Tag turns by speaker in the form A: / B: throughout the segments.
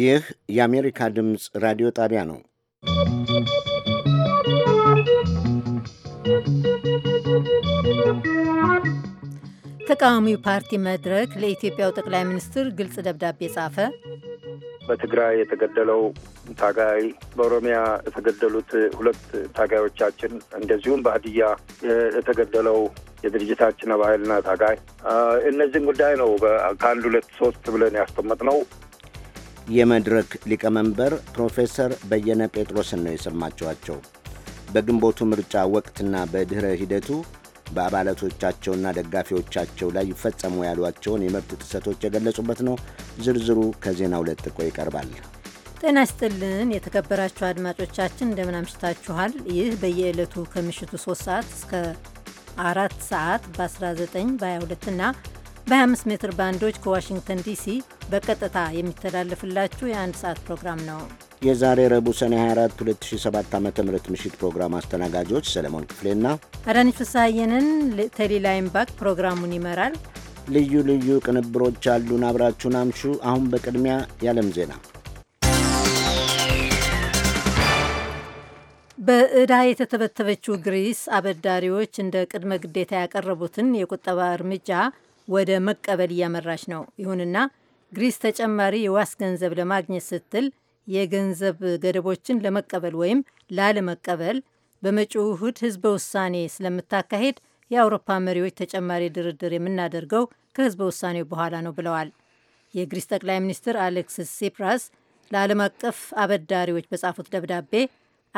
A: ይህ የአሜሪካ ድምፅ ራዲዮ ጣቢያ ነው።
B: ተቃዋሚው ፓርቲ መድረክ ለኢትዮጵያው ጠቅላይ ሚኒስትር ግልጽ ደብዳቤ ጻፈ።
C: በትግራይ የተገደለው ታጋይ፣ በኦሮሚያ የተገደሉት ሁለት ታጋዮቻችን፣ እንደዚሁም በሀዲያ የተገደለው የድርጅታችን ባህልና ታጋይ እነዚህን ጉዳይ ነው ከአንድ ሁለት ሶስት ብለን ነው።
A: የመድረክ ሊቀመንበር ፕሮፌሰር በየነ ጴጥሮስን ነው የሰማችኋቸው። በግንቦቱ ምርጫ ወቅትና በድኅረ ሂደቱ በአባላቶቻቸውና ደጋፊዎቻቸው ላይ ይፈጸሙ ያሏቸውን የመብት ጥሰቶች የገለጹበት ነው። ዝርዝሩ ከዜና ሁለት ጥቆ ይቀርባል።
B: ጤና ይስጥልን የተከበራችሁ አድማጮቻችን እንደምን አምሽታችኋል። ይህ በየዕለቱ ከምሽቱ ሶስት ሰዓት እስከ አራት ሰዓት በ19 በ22ና በ25 ሜትር ባንዶች ከዋሽንግተን ዲሲ በቀጥታ የሚተላለፍላችሁ የአንድ ሰዓት ፕሮግራም ነው።
A: የዛሬ ረቡዕ ሰኔ 24 2007 ዓ ም ምሽት ፕሮግራም አስተናጋጆች ሰለሞን ክፍሌና
B: አዳነች ፍስሐየንን። ባክ ፕሮግራሙን ይመራል።
A: ልዩ ልዩ ቅንብሮች አሉን። አብራችሁን አምሹ። አሁን በቅድሚያ የዓለም ዜና
B: በእዳ የተተበተበችው ግሪስ አበዳሪዎች እንደ ቅድመ ግዴታ ያቀረቡትን የቁጠባ እርምጃ ወደ መቀበል እያመራች ነው። ይሁንና ግሪስ ተጨማሪ የዋስ ገንዘብ ለማግኘት ስትል የገንዘብ ገደቦችን ለመቀበል ወይም ላለመቀበል በመጪው እሁድ ህዝበ ውሳኔ ስለምታካሄድ የአውሮፓ መሪዎች ተጨማሪ ድርድር የምናደርገው ከህዝበ ውሳኔው በኋላ ነው ብለዋል። የግሪስ ጠቅላይ ሚኒስትር አሌክሲስ ሲፕራስ ለዓለም አቀፍ አበዳሪዎች በጻፉት ደብዳቤ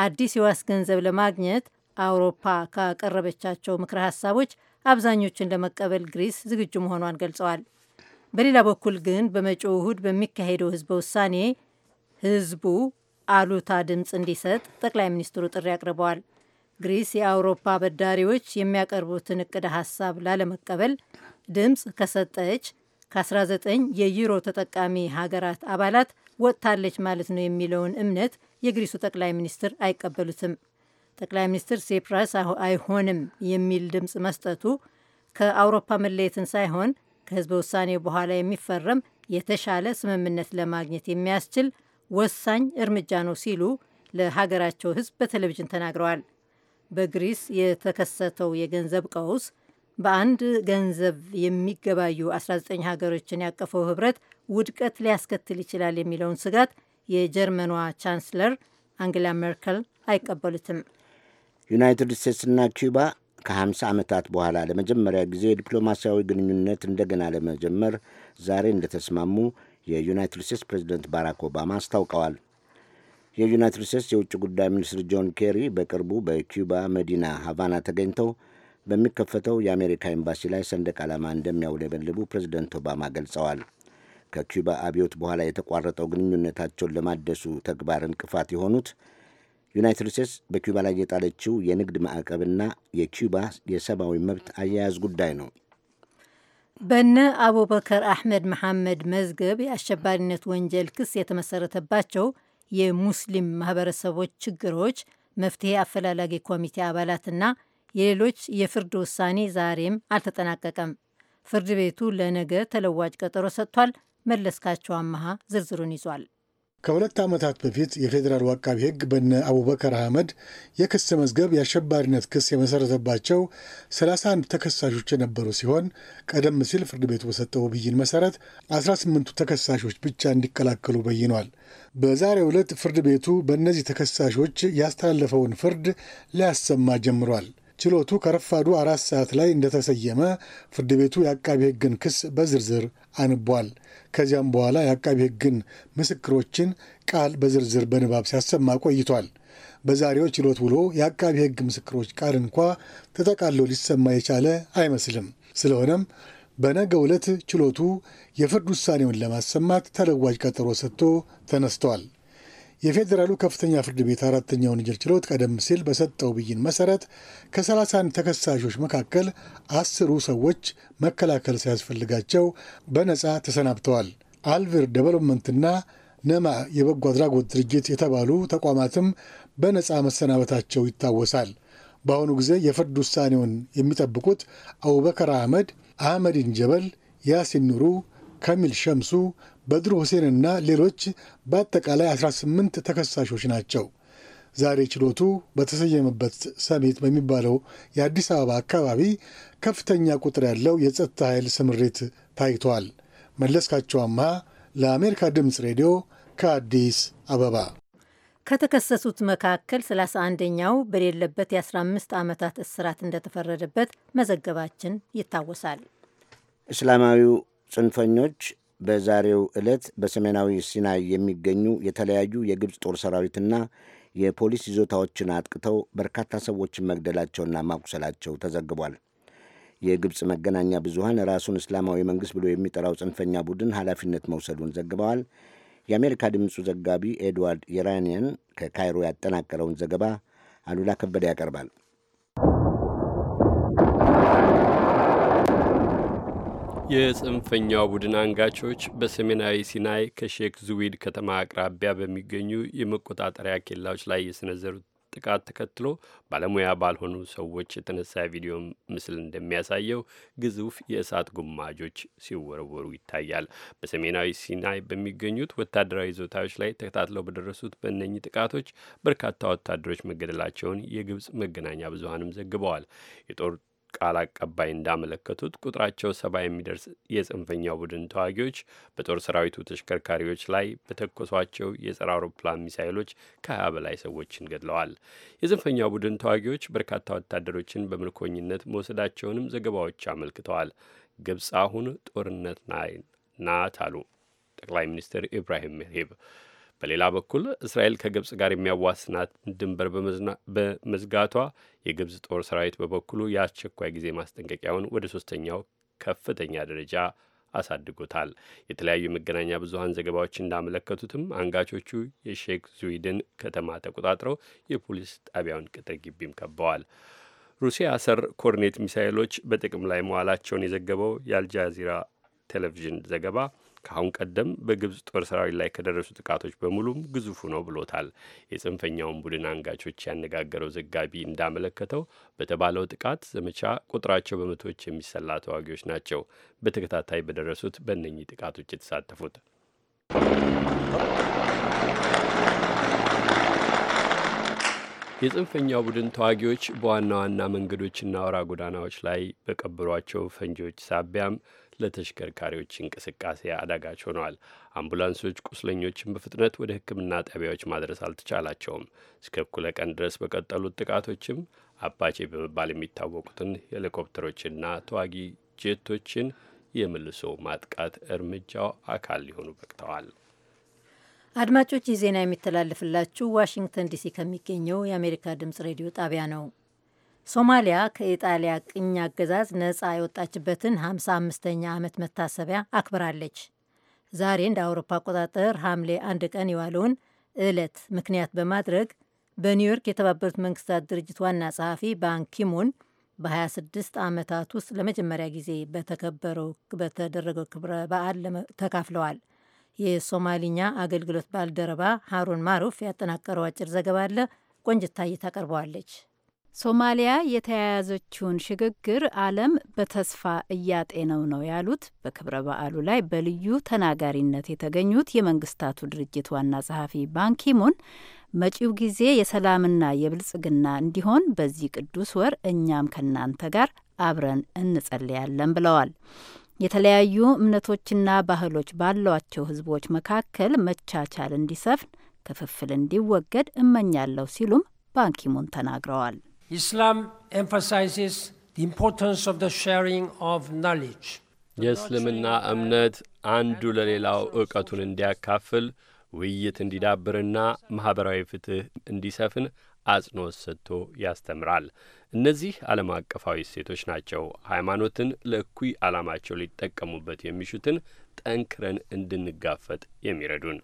B: አዲስ የዋስ ገንዘብ ለማግኘት አውሮፓ ካቀረበቻቸው ምክረ ሀሳቦች አብዛኞቹን ለመቀበል ግሪስ ዝግጁ መሆኗን ገልጸዋል። በሌላ በኩል ግን በመጪው እሁድ በሚካሄደው ህዝበ ውሳኔ ህዝቡ አሉታ ድምፅ እንዲሰጥ ጠቅላይ ሚኒስትሩ ጥሪ አቅርበዋል። ግሪስ የአውሮፓ በዳሪዎች የሚያቀርቡትን እቅደ ሀሳብ ላለመቀበል ድምፅ ከሰጠች ከ19 የዩሮ ተጠቃሚ ሀገራት አባላት ወጥታለች ማለት ነው የሚለውን እምነት የግሪሱ ጠቅላይ ሚኒስትር አይቀበሉትም። ጠቅላይ ሚኒስትር ሴፕራስ አይሆንም የሚል ድምፅ መስጠቱ ከአውሮፓ መለየትን ሳይሆን ከህዝበ ውሳኔ በኋላ የሚፈረም የተሻለ ስምምነት ለማግኘት የሚያስችል ወሳኝ እርምጃ ነው ሲሉ ለሀገራቸው ህዝብ በቴሌቪዥን ተናግረዋል። በግሪስ የተከሰተው የገንዘብ ቀውስ በአንድ ገንዘብ የሚገባዩ 19 ሀገሮችን ያቀፈው ህብረት ውድቀት ሊያስከትል ይችላል የሚለውን ስጋት የጀርመኗ ቻንስለር አንግላ ሜርከል አይቀበሉትም።
A: ዩናይትድ ስቴትስና ኪዩባ ከ50 ዓመታት በኋላ ለመጀመሪያ ጊዜ ዲፕሎማሲያዊ ግንኙነት እንደገና ለመጀመር ዛሬ እንደተስማሙ የዩናይትድ ስቴትስ ፕሬዚደንት ባራክ ኦባማ አስታውቀዋል። የዩናይትድ ስቴትስ የውጭ ጉዳይ ሚኒስትር ጆን ኬሪ በቅርቡ በኪዩባ መዲና ሀቫና ተገኝተው በሚከፈተው የአሜሪካ ኤምባሲ ላይ ሰንደቅ ዓላማ እንደሚያውለበልቡ ፕሬዚደንት ኦባማ ገልጸዋል። ከኪዩባ አብዮት በኋላ የተቋረጠው ግንኙነታቸውን ለማደሱ ተግባር እንቅፋት የሆኑት ዩናይትድ ስቴትስ በኪዩባ ላይ የጣለችው የንግድ ማዕቀብና የኪዩባ የሰብአዊ መብት አያያዝ ጉዳይ ነው።
B: በነ አቡበከር አሕመድ መሐመድ መዝገብ የአሸባሪነት ወንጀል ክስ የተመሰረተባቸው የሙስሊም ማህበረሰቦች ችግሮች መፍትሄ አፈላላጊ ኮሚቴ አባላትና የሌሎች የፍርድ ውሳኔ ዛሬም አልተጠናቀቀም። ፍርድ ቤቱ ለነገ ተለዋጭ ቀጠሮ ሰጥቷል። መለስካቸው አመሃ ዝርዝሩን ይዟል።
D: ከሁለት ዓመታት በፊት የፌዴራሉ አቃቢ ሕግ በነ አቡበከር አህመድ የክስ መዝገብ የአሸባሪነት ክስ የመሰረተባቸው 31 ተከሳሾች የነበሩ ሲሆን ቀደም ሲል ፍርድ ቤቱ በሰጠው ብይን መሰረት 18ቱ ተከሳሾች ብቻ እንዲከላከሉ በይኗል። በዛሬው ዕለት ፍርድ ቤቱ በእነዚህ ተከሳሾች ያስተላለፈውን ፍርድ ሊያሰማ ጀምሯል። ችሎቱ ከረፋዱ አራት ሰዓት ላይ እንደተሰየመ ፍርድ ቤቱ የአቃቢ ሕግን ክስ በዝርዝር አንቧል። ከዚያም በኋላ የአቃቢ ሕግን ምስክሮችን ቃል በዝርዝር በንባብ ሲያሰማ ቆይቷል። በዛሬው ችሎት ውሎ የአቃቢ ሕግ ምስክሮች ቃል እንኳ ተጠቃሎ ሊሰማ የቻለ አይመስልም። ስለሆነም በነገ ዕለት ችሎቱ የፍርድ ውሳኔውን ለማሰማት ተለዋጅ ቀጠሮ ሰጥቶ ተነስቷል። የፌዴራሉ ከፍተኛ ፍርድ ቤት አራተኛውን ወንጀል ችሎት ቀደም ሲል በሰጠው ብይን መሰረት ከ31 ተከሳሾች መካከል አስሩ ሰዎች መከላከል ሲያስፈልጋቸው በነፃ ተሰናብተዋል። አልቪር ደቨሎፕመንትና ነማ የበጎ አድራጎት ድርጅት የተባሉ ተቋማትም በነፃ መሰናበታቸው ይታወሳል። በአሁኑ ጊዜ የፍርድ ውሳኔውን የሚጠብቁት አቡበከር አህመድ፣ አህመዲን ጀበል፣ ያሲን ኑሩ፣ ከሚል ሸምሱ፣ በድሩ ሁሴንና ሌሎች በአጠቃላይ 18 ተከሳሾች ናቸው። ዛሬ ችሎቱ በተሰየመበት ሰሜት በሚባለው የአዲስ አበባ አካባቢ ከፍተኛ ቁጥር ያለው የጸጥታ ኃይል ስምሪት ታይቷል። መለስካቸው አምሃ ለአሜሪካ ድምፅ ሬዲዮ ከአዲስ አበባ።
B: ከተከሰሱት መካከል 31ኛው በሌለበት የ15 ዓመታት እስራት እንደተፈረደበት መዘገባችን ይታወሳል።
A: እስላማዊው ጽንፈኞች በዛሬው ዕለት በሰሜናዊ ሲናይ የሚገኙ የተለያዩ የግብፅ ጦር ሰራዊትና የፖሊስ ይዞታዎችን አጥቅተው በርካታ ሰዎችን መግደላቸውና ማቁሰላቸው ተዘግቧል። የግብፅ መገናኛ ብዙሃን ራሱን እስላማዊ መንግሥት ብሎ የሚጠራው ጽንፈኛ ቡድን ኃላፊነት መውሰዱን ዘግበዋል። የአሜሪካ ድምፁ ዘጋቢ ኤድዋርድ የራኒያን ከካይሮ ያጠናቀረውን ዘገባ አሉላ ከበደ ያቀርባል።
E: የጽንፈኛው ቡድን አንጋቾች በሰሜናዊ ሲናይ ከሼክ ዙዊድ ከተማ አቅራቢያ በሚገኙ የመቆጣጠሪያ ኬላዎች ላይ የሰነዘሩት ጥቃት ተከትሎ ባለሙያ ባልሆኑ ሰዎች የተነሳ ቪዲዮ ምስል እንደሚያሳየው ግዙፍ የእሳት ጉማጆች ሲወረወሩ ይታያል። በሰሜናዊ ሲናይ በሚገኙት ወታደራዊ ይዞታዎች ላይ ተከታትለው በደረሱት በእነኚህ ጥቃቶች በርካታ ወታደሮች መገደላቸውን የግብጽ መገናኛ ብዙሀንም ዘግበዋል። የጦር ቃል አቀባይ እንዳመለከቱት ቁጥራቸው ሰባ የሚደርስ የጽንፈኛው ቡድን ተዋጊዎች በጦር ሰራዊቱ ተሽከርካሪዎች ላይ በተኮሷቸው የጸረ አውሮፕላን ሚሳይሎች ከሀያ በላይ ሰዎችን ገድለዋል። የጽንፈኛው ቡድን ተዋጊዎች በርካታ ወታደሮችን በምርኮኝነት መውሰዳቸውንም ዘገባዎች አመልክተዋል። ግብፅ አሁን ጦርነት ናት አሉ ጠቅላይ ሚኒስትር ኢብራሂም ሄብ በሌላ በኩል እስራኤል ከግብፅ ጋር የሚያዋስናት ድንበር በመዝጋቷ የግብፅ ጦር ሰራዊት በበኩሉ የአስቸኳይ ጊዜ ማስጠንቀቂያውን ወደ ሶስተኛው ከፍተኛ ደረጃ አሳድጎታል። የተለያዩ የመገናኛ ብዙኃን ዘገባዎች እንዳመለከቱትም አንጋቾቹ የሼክ ዙዊድን ከተማ ተቆጣጥረው የፖሊስ ጣቢያውን ቅጥር ግቢም ከበዋል። ሩሲያ አሰር ኮርኔት ሚሳይሎች በጥቅም ላይ መዋላቸውን የዘገበው የአልጃዚራ ቴሌቪዥን ዘገባ ከአሁን ቀደም በግብጽ ጦር ሰራዊት ላይ ከደረሱ ጥቃቶች በሙሉም ግዙፉ ነው ብሎታል። የጽንፈኛውን ቡድን አንጋቾች ያነጋገረው ዘጋቢ እንዳመለከተው በተባለው ጥቃት ዘመቻ ቁጥራቸው በመቶዎች የሚሰላ ተዋጊዎች ናቸው በተከታታይ በደረሱት በእነኚህ ጥቃቶች የተሳተፉት። የጽንፈኛው ቡድን ተዋጊዎች በዋና ዋና መንገዶችና አውራ ጎዳናዎች ላይ በቀበሯቸው ፈንጂዎች ሳቢያም ለተሽከርካሪዎች እንቅስቃሴ አዳጋች ሆነዋል። አምቡላንሶች ቁስለኞችን በፍጥነት ወደ ሕክምና ጣቢያዎች ማድረስ አልተቻላቸውም። እስከ እኩለ ቀን ድረስ በቀጠሉት ጥቃቶችም አፓቼ በመባል የሚታወቁትን ሄሊኮፕተሮችና ተዋጊ ጄቶችን የመልሶ ማጥቃት እርምጃው አካል ሊሆኑ በቅተዋል።
B: አድማጮች ይህ ዜና የሚተላለፍላችሁ ዋሽንግተን ዲሲ ከሚገኘው የአሜሪካ ድምጽ ሬዲዮ ጣቢያ ነው። ሶማሊያ ከኢጣሊያ ቅኝ አገዛዝ ነፃ የወጣችበትን 55ኛ ዓመት መታሰቢያ አክብራለች። ዛሬ እንደ አውሮፓ አቆጣጠር ሐምሌ አንድ ቀን የዋለውን ዕለት ምክንያት በማድረግ በኒውዮርክ የተባበሩት መንግስታት ድርጅት ዋና ጸሐፊ ባንኪሙን በ26 ዓመታት ውስጥ ለመጀመሪያ ጊዜ በተከበረው በተደረገው ክብረ በዓል ተካፍለዋል። የሶማሊኛ አገልግሎት ባልደረባ ሀሩን ማሩፍ ያጠናቀረው አጭር ዘገባ አለ። ቆንጅታዬ ታቀርበዋለች። ሶማሊያ የተያያዘችውን ሽግግር
F: ዓለም በተስፋ እያጤነው ነው ያሉት በክብረ በዓሉ ላይ በልዩ ተናጋሪነት የተገኙት የመንግስታቱ ድርጅት ዋና ጸሐፊ ባንኪሙን መጪው ጊዜ የሰላምና የብልጽግና እንዲሆን በዚህ ቅዱስ ወር እኛም ከናንተ ጋር አብረን እንጸልያለን ብለዋል። የተለያዩ እምነቶችና ባህሎች ባሏቸው ህዝቦች መካከል መቻቻል እንዲሰፍን፣ ክፍፍል እንዲወገድ እመኛለሁ ሲሉም ባንኪሙን ተናግረዋል። የእስልምና
E: እምነት አንዱ ለሌላው እውቀቱን እንዲያካፍል ውይይት እንዲዳብርና ማኅበራዊ ፍትህ እንዲሰፍን አጽንኦት ሰጥቶ ያስተምራል። እነዚህ ዓለም አቀፋዊ እሴቶች ናቸው ሃይማኖትን ለእኩይ ዓላማቸው ሊጠቀሙበት የሚሹትን ጠንክረን እንድንጋፈጥ የሚረዱን።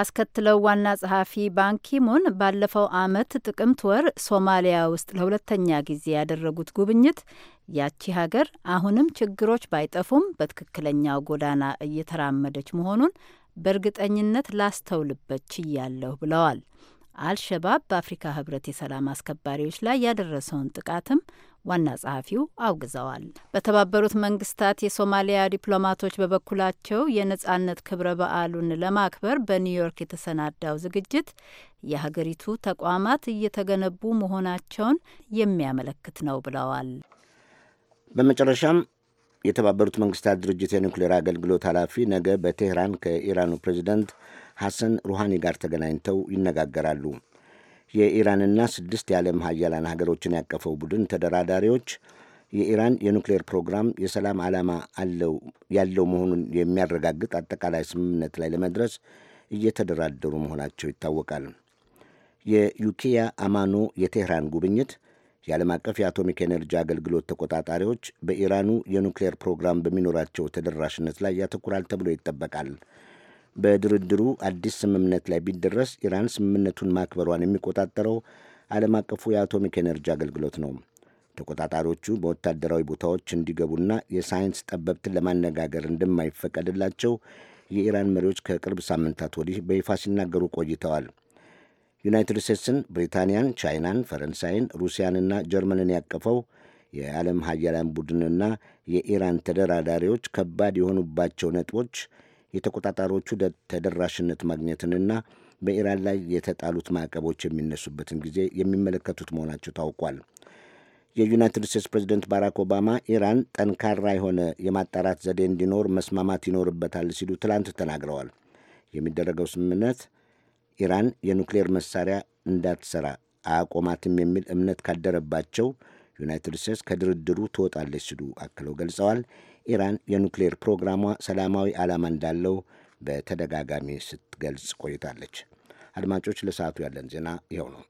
F: አስከትለው ዋና ጸሐፊ ባንኪሙን ባለፈው ዓመት ጥቅምት ወር ሶማሊያ ውስጥ ለሁለተኛ ጊዜ ያደረጉት ጉብኝት ያቺ ሀገር አሁንም ችግሮች ባይጠፉም በትክክለኛው ጎዳና እየተራመደች መሆኑን በእርግጠኝነት ላስተውልበት ችያለሁ ብለዋል። አልሸባብ በአፍሪካ ህብረት የሰላም አስከባሪዎች ላይ ያደረሰውን ጥቃትም ዋና ጸሐፊው አውግዘዋል። በተባበሩት መንግስታት የሶማሊያ ዲፕሎማቶች በበኩላቸው የነጻነት ክብረ በዓሉን ለማክበር በኒውዮርክ የተሰናዳው ዝግጅት የሀገሪቱ ተቋማት እየተገነቡ መሆናቸውን የሚያመለክት ነው ብለዋል።
A: በመጨረሻም የተባበሩት መንግስታት ድርጅት የኒውክሌር አገልግሎት ኃላፊ ነገ በቴህራን ከኢራኑ ፕሬዚደንት ሐሰን ሩሃኒ ጋር ተገናኝተው ይነጋገራሉ። የኢራንና ስድስት የዓለም ሀያላን ሀገሮችን ያቀፈው ቡድን ተደራዳሪዎች የኢራን የኑክሌር ፕሮግራም የሰላም ዓላማ ያለው መሆኑን የሚያረጋግጥ አጠቃላይ ስምምነት ላይ ለመድረስ እየተደራደሩ መሆናቸው ይታወቃል። የዩኪያ አማኖ የቴህራን ጉብኝት የዓለም አቀፍ የአቶሚክ ኤነርጂ አገልግሎት ተቆጣጣሪዎች በኢራኑ የኑክሌር ፕሮግራም በሚኖራቸው ተደራሽነት ላይ ያተኩራል ተብሎ ይጠበቃል። በድርድሩ አዲስ ስምምነት ላይ ቢደረስ ኢራን ስምምነቱን ማክበሯን የሚቆጣጠረው ዓለም አቀፉ የአቶሚክ ኤነርጂ አገልግሎት ነው። ተቆጣጣሪዎቹ በወታደራዊ ቦታዎች እንዲገቡና የሳይንስ ጠበብትን ለማነጋገር እንደማይፈቀድላቸው የኢራን መሪዎች ከቅርብ ሳምንታት ወዲህ በይፋ ሲናገሩ ቆይተዋል። ዩናይትድ ስቴትስን፣ ብሪታንያን፣ ቻይናን፣ ፈረንሳይን፣ ሩሲያንና ጀርመንን ያቀፈው የዓለም ሀያላን ቡድንና የኢራን ተደራዳሪዎች ከባድ የሆኑባቸው ነጥቦች የተቆጣጣሪዎቹ ተደራሽነት ማግኘትንና በኢራን ላይ የተጣሉት ማዕቀቦች የሚነሱበትን ጊዜ የሚመለከቱት መሆናቸው ታውቋል። የዩናይትድ ስቴትስ ፕሬዚደንት ባራክ ኦባማ ኢራን ጠንካራ የሆነ የማጣራት ዘዴ እንዲኖር መስማማት ይኖርበታል ሲሉ ትላንት ተናግረዋል። የሚደረገው ስምምነት ኢራን የኑክሌር መሳሪያ እንዳትሰራ አያቆማትም የሚል እምነት ካደረባቸው ዩናይትድ ስቴትስ ከድርድሩ ትወጣለች ሲሉ አክለው ገልጸዋል። ኢራን የኑክሌር ፕሮግራሟ ሰላማዊ ዓላማ እንዳለው በተደጋጋሚ ስትገልጽ ቆይታለች። አድማጮች፣ ለሰዓቱ ያለን ዜና ይኸው ነው።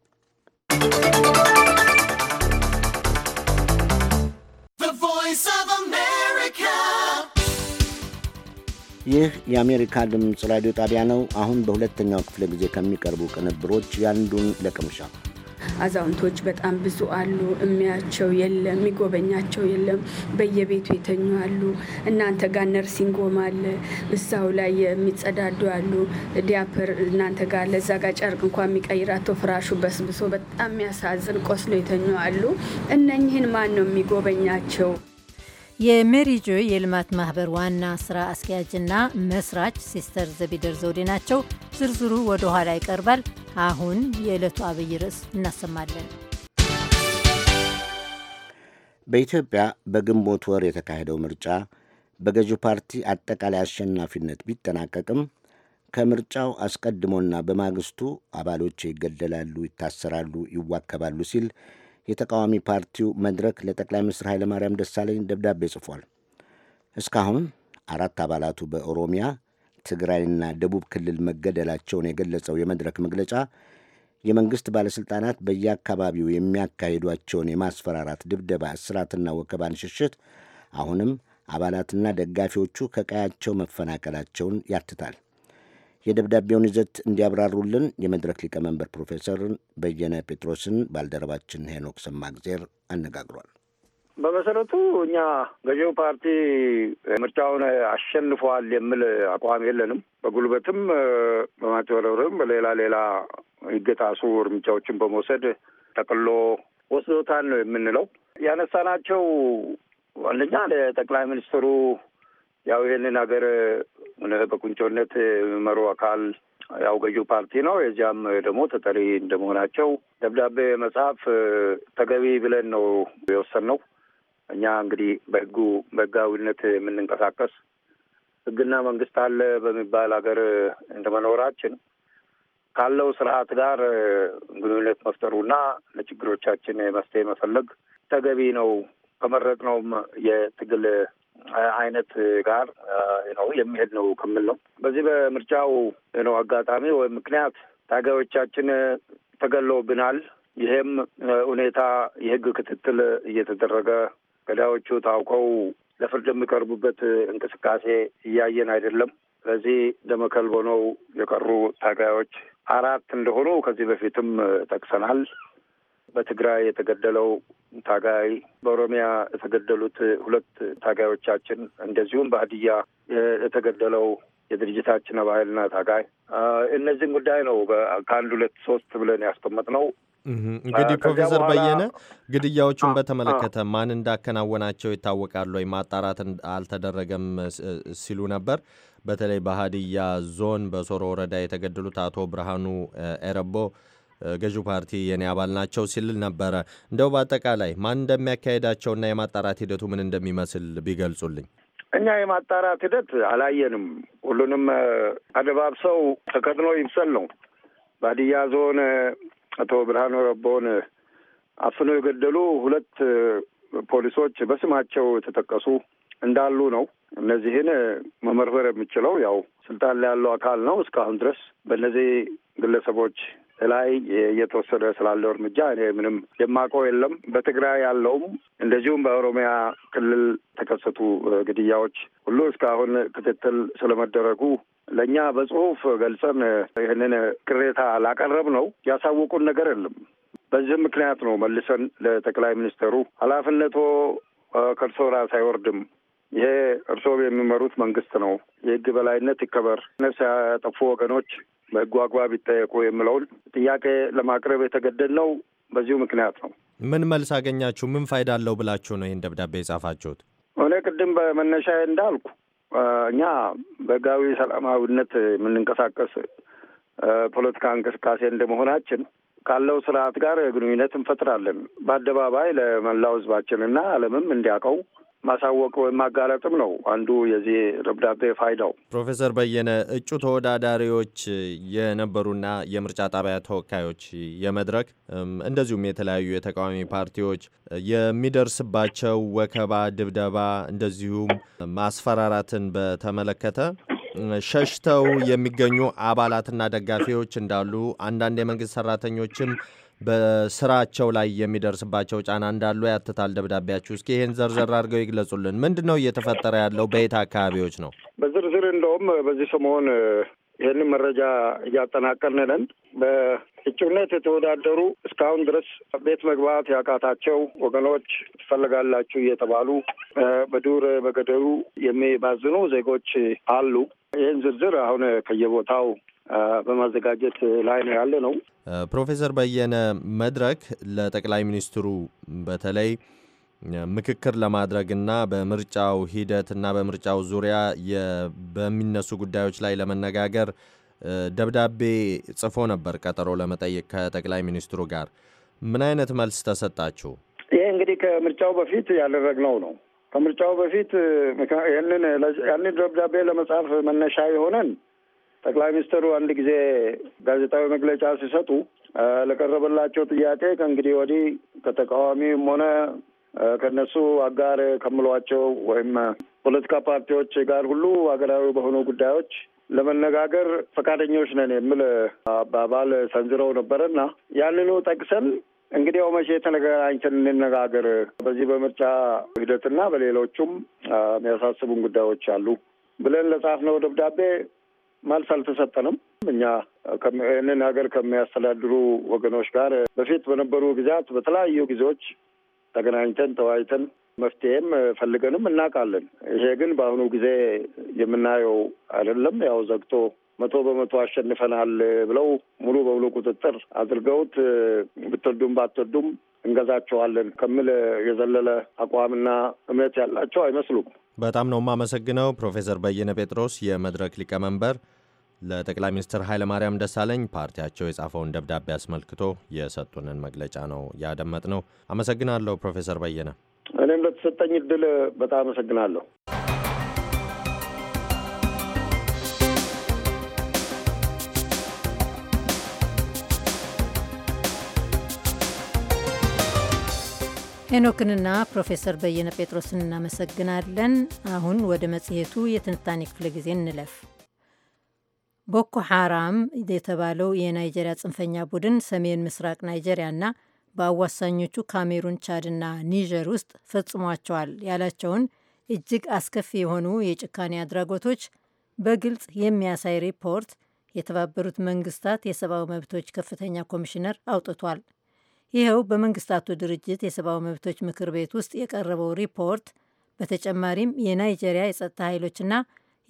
A: ይህ የአሜሪካ ድምፅ ራዲዮ ጣቢያ ነው። አሁን በሁለተኛው ክፍለ ጊዜ ከሚቀርቡ ቅንብሮች ያንዱን ለቅምሻ
G: አዛውንቶች በጣም ብዙ አሉ። እሚያቸው የለም፣ የሚጎበኛቸው የለም። በየቤቱ የተኙ አሉ። እናንተ ጋር ነርሲንግ ሆም አለ፣ እዛው ላይ የሚጸዳዱ አሉ። ዲያፐር እናንተ ጋር ለዛ ጋር ጨርቅ እንኳ የሚቀይራቶ ፍራሹ በስብሶ በጣም የሚያሳዝን ቆስሎ የተኙ አሉ። እነኚህን ማን ነው የሚጎበኛቸው?
B: የሜሪጆ የልማት ማህበር ዋና ስራ አስኪያጅና መስራች ሲስተር ዘቢደር ዘውዴ ናቸው። ዝርዝሩ ወደ ኋላ ይቀርባል። አሁን የዕለቱ አብይ ርዕስ እናሰማለን።
A: በኢትዮጵያ በግንቦት ወር የተካሄደው ምርጫ በገዢው ፓርቲ አጠቃላይ አሸናፊነት ቢጠናቀቅም ከምርጫው አስቀድሞና በማግስቱ አባሎች ይገደላሉ፣ ይታሰራሉ፣ ይዋከባሉ ሲል የተቃዋሚ ፓርቲው መድረክ ለጠቅላይ ሚኒስትር ኃይለማርያም ደሳለኝ ደብዳቤ ጽፏል። እስካሁን አራት አባላቱ በኦሮሚያ ትግራይና ደቡብ ክልል መገደላቸውን የገለጸው የመድረክ መግለጫ የመንግሥት ባለሥልጣናት በየአካባቢው የሚያካሂዷቸውን የማስፈራራት ድብደባ፣ እስራትና ወከባን ሽሽት አሁንም አባላትና ደጋፊዎቹ ከቀያቸው መፈናቀላቸውን ያትታል። የደብዳቤውን ይዘት እንዲያብራሩልን የመድረክ ሊቀመንበር ፕሮፌሰርን በየነ ጴጥሮስን ባልደረባችን ሄኖክ ሰማግዜር አነጋግሯል።
C: በመሰረቱ እኛ ገዢው ፓርቲ ምርጫውን አሸንፈዋል የሚል አቋም የለንም። በጉልበትም በማጭበርበርም በሌላ ሌላ ይገታሱ እርምጃዎችን በመውሰድ ጠቅሎ ወስዶታል ነው የምንለው። ያነሳናቸው አንደኛ ለጠቅላይ ሚኒስትሩ ያው ይህንን ሀገር በቁንጮነት መሮ አካል ያው ገዢው ፓርቲ ነው። የዚያም ደግሞ ተጠሪ እንደመሆናቸው ደብዳቤ መጽሐፍ ተገቢ ብለን ነው የወሰንነው። እኛ እንግዲህ በህጉ በህጋዊነት የምንንቀሳቀስ ህግና መንግስት አለ በሚባል ሀገር እንደመኖራችን ካለው ስርዓት ጋር ግንኙነት መፍጠሩና ለችግሮቻችን መፍትሄ መፈለግ ተገቢ ነው። ከመረጥነውም የትግል አይነት ጋር ነው የሚሄድ ነው ክምል ነው። በዚህ በምርጫው ነው አጋጣሚ ወይም ምክንያት ታጋዮቻችን ተገለውብናል። ይህም ሁኔታ የህግ ክትትል እየተደረገ ገዳዮቹ ታውቀው ለፍርድ የሚቀርቡበት እንቅስቃሴ እያየን አይደለም። ስለዚህ ደመከልብ ሆነው የቀሩ ታጋዮች አራት እንደሆኑ ከዚህ በፊትም ጠቅሰናል። በትግራይ የተገደለው ታጋይ፣ በኦሮሚያ የተገደሉት ሁለት ታጋዮቻችን፣ እንደዚሁም በሀዲያ የተገደለው የድርጅታችን ባህልና ታጋይ እነዚህን ጉዳይ ነው ከአንድ ሁለት ሶስት ብለን ነው።
H: እንግዲህ ፕሮፌሰር በየነ ግድያዎቹን በተመለከተ ማን እንዳከናወናቸው ይታወቃሉ ወይ? ማጣራት አልተደረገም ሲሉ ነበር። በተለይ በሀዲያ ዞን በሶሮ ወረዳ የተገደሉት አቶ ብርሃኑ ኤረቦ ገዢው ፓርቲ የኔ አባል ናቸው ሲልል ነበረ። እንደው በአጠቃላይ ማን እንደሚያካሄዳቸውና የማጣራት ሂደቱ ምን እንደሚመስል ቢገልጹልኝ።
C: እኛ የማጣራት ሂደት አላየንም። ሁሉንም አደባብሰው ተከትሎ ይብሰል ነው። ባድያ ዞን አቶ ብርሃኑ ረቦን አፍኖ የገደሉ ሁለት ፖሊሶች በስማቸው የተጠቀሱ እንዳሉ ነው። እነዚህን መመርመር የምችለው ያው ስልጣን ላይ ያለው አካል ነው። እስካሁን ድረስ በእነዚህ ግለሰቦች ላይ እየተወሰደ ስላለው እርምጃ እኔ ምንም የማውቀው የለም። በትግራይ ያለውም እንደዚሁም በኦሮሚያ ክልል ተከሰቱ ግድያዎች ሁሉ እስካሁን ክትትል ስለመደረጉ ለእኛ በጽሁፍ ገልጸን ይህንን ቅሬታ ላቀረብ ነው ያሳወቁን ነገር የለም። በዚህም ምክንያት ነው መልሰን ለጠቅላይ ሚኒስትሩ ኃላፊነቶ ከእርሶ ራስ አይወርድም ይሄ እርስዎ የሚመሩት መንግስት ነው፣ የህግ በላይነት ይከበር፣ ነፍስ ያጠፉ ወገኖች በህጉ አግባብ ይጠየቁ የሚለውን ጥያቄ ለማቅረብ የተገደድነው በዚሁ ምክንያት ነው።
H: ምን መልስ አገኛችሁ? ምን ፋይዳ አለው ብላችሁ ነው ይህን ደብዳቤ የጻፋችሁት?
C: እኔ ቅድም በመነሻ እንዳልኩ እኛ በህጋዊ ሰላማዊነት የምንንቀሳቀስ ፖለቲካ እንቅስቃሴ እንደመሆናችን ካለው ስርዓት ጋር ግንኙነት እንፈጥራለን። በአደባባይ ለመላው ህዝባችንና ዓለምም እንዲያውቀው ማሳወቅ ወይም ማጋለጥም ነው አንዱ የዚህ ደብዳቤ ፋይዳው።
H: ፕሮፌሰር በየነ እጩ ተወዳዳሪዎች የነበሩና የምርጫ ጣቢያ ተወካዮች የመድረክ እንደዚሁም የተለያዩ የተቃዋሚ ፓርቲዎች የሚደርስባቸው ወከባ፣ ድብደባ እንደዚሁም ማስፈራራትን በተመለከተ ሸሽተው የሚገኙ አባላትና ደጋፊዎች እንዳሉ አንዳንድ የመንግስት ሰራተኞችም በስራቸው ላይ የሚደርስባቸው ጫና እንዳሉ ያትታል ደብዳቤያችሁ። እስኪ ይህን ዘርዘር አድርገው ይግለጹልን። ምንድን ነው እየተፈጠረ ያለው? በየት አካባቢዎች ነው?
C: በዝርዝር እንደውም በዚህ ሰሞን ይህንን መረጃ እያጠናቀርን ነን። በእጩነት የተወዳደሩ እስካሁን ድረስ ቤት መግባት ያቃታቸው ወገኖች ትፈልጋላችሁ እየተባሉ በዱር በገደሉ የሚባዝኑ ዜጎች አሉ። ይህን ዝርዝር አሁን ከየቦታው በማዘጋጀት ላይ ነው ያለ ነው።
H: ፕሮፌሰር በየነ መድረክ ለጠቅላይ ሚኒስትሩ በተለይ ምክክር ለማድረግ እና በምርጫው ሂደት እና በምርጫው ዙሪያ በሚነሱ ጉዳዮች ላይ ለመነጋገር ደብዳቤ ጽፎ ነበር ቀጠሮ ለመጠየቅ ከጠቅላይ ሚኒስትሩ ጋር። ምን አይነት መልስ ተሰጣችሁ?
C: ይህ እንግዲህ ከምርጫው በፊት ያደረግነው ነው ከምርጫው በፊት ይህንን ያንን ደብዳቤ ለመጻፍ መነሻ የሆነን ጠቅላይ ሚኒስትሩ አንድ ጊዜ ጋዜጣዊ መግለጫ ሲሰጡ ለቀረበላቸው ጥያቄ ከእንግዲህ ወዲህ ከተቃዋሚም ሆነ ከነሱ አጋር ከምሏቸው ወይም ፖለቲካ ፓርቲዎች ጋር ሁሉ ሀገራዊ በሆኑ ጉዳዮች ለመነጋገር ፈቃደኞች ነን የሚል አባባል ሰንዝረው ነበረና ያንኑ ጠቅሰን እንግዲህ ያው መቼ ተገናኝተን እንነጋገር። በዚህ በምርጫ ሂደትና በሌሎቹም የሚያሳስቡን ጉዳዮች አሉ ብለን ለጻፍነው ደብዳቤ መልስ አልተሰጠንም። እኛ ይህንን ሀገር ከሚያስተዳድሩ ወገኖች ጋር በፊት በነበሩ ጊዜያት በተለያዩ ጊዜዎች ተገናኝተን ተወያይተን መፍትሄም ፈልገንም እናውቃለን። ይሄ ግን በአሁኑ ጊዜ የምናየው አይደለም። ያው ዘግቶ መቶ በመቶ አሸንፈናል ብለው ሙሉ በሙሉ ቁጥጥር አድርገውት ብትወዱም ባትወዱም እንገዛቸዋለን ከሚል የዘለለ አቋምና እምነት ያላቸው አይመስሉም።
H: በጣም ነው የማመሰግነው ፕሮፌሰር በየነ ጴጥሮስ የመድረክ ሊቀመንበር ለጠቅላይ ሚኒስትር ኃይለማርያም ደሳለኝ ፓርቲያቸው የጻፈውን ደብዳቤ አስመልክቶ የሰጡንን መግለጫ ነው ያደመጥ ነው። አመሰግናለሁ ፕሮፌሰር በየነ።
C: እኔም ለተሰጠኝ እድል በጣም አመሰግናለሁ።
B: ሄኖክንና ፕሮፌሰር በየነ ጴጥሮስን እናመሰግናለን። አሁን ወደ መጽሔቱ የትንታኔ ክፍለ ጊዜ እንለፍ። ቦኮ ሐራም የተባለው የናይጀሪያ ጽንፈኛ ቡድን ሰሜን ምስራቅ ናይጀሪያና በአዋሳኞቹ ካሜሩን፣ ቻድና ኒጀር ውስጥ ፈጽሟቸዋል ያላቸውን እጅግ አስከፊ የሆኑ የጭካኔ አድራጎቶች በግልጽ የሚያሳይ ሪፖርት የተባበሩት መንግስታት የሰብአዊ መብቶች ከፍተኛ ኮሚሽነር አውጥቷል። ይኸው በመንግስታቱ ድርጅት የሰብአዊ መብቶች ምክር ቤት ውስጥ የቀረበው ሪፖርት በተጨማሪም የናይጄሪያ የጸጥታ ኃይሎችና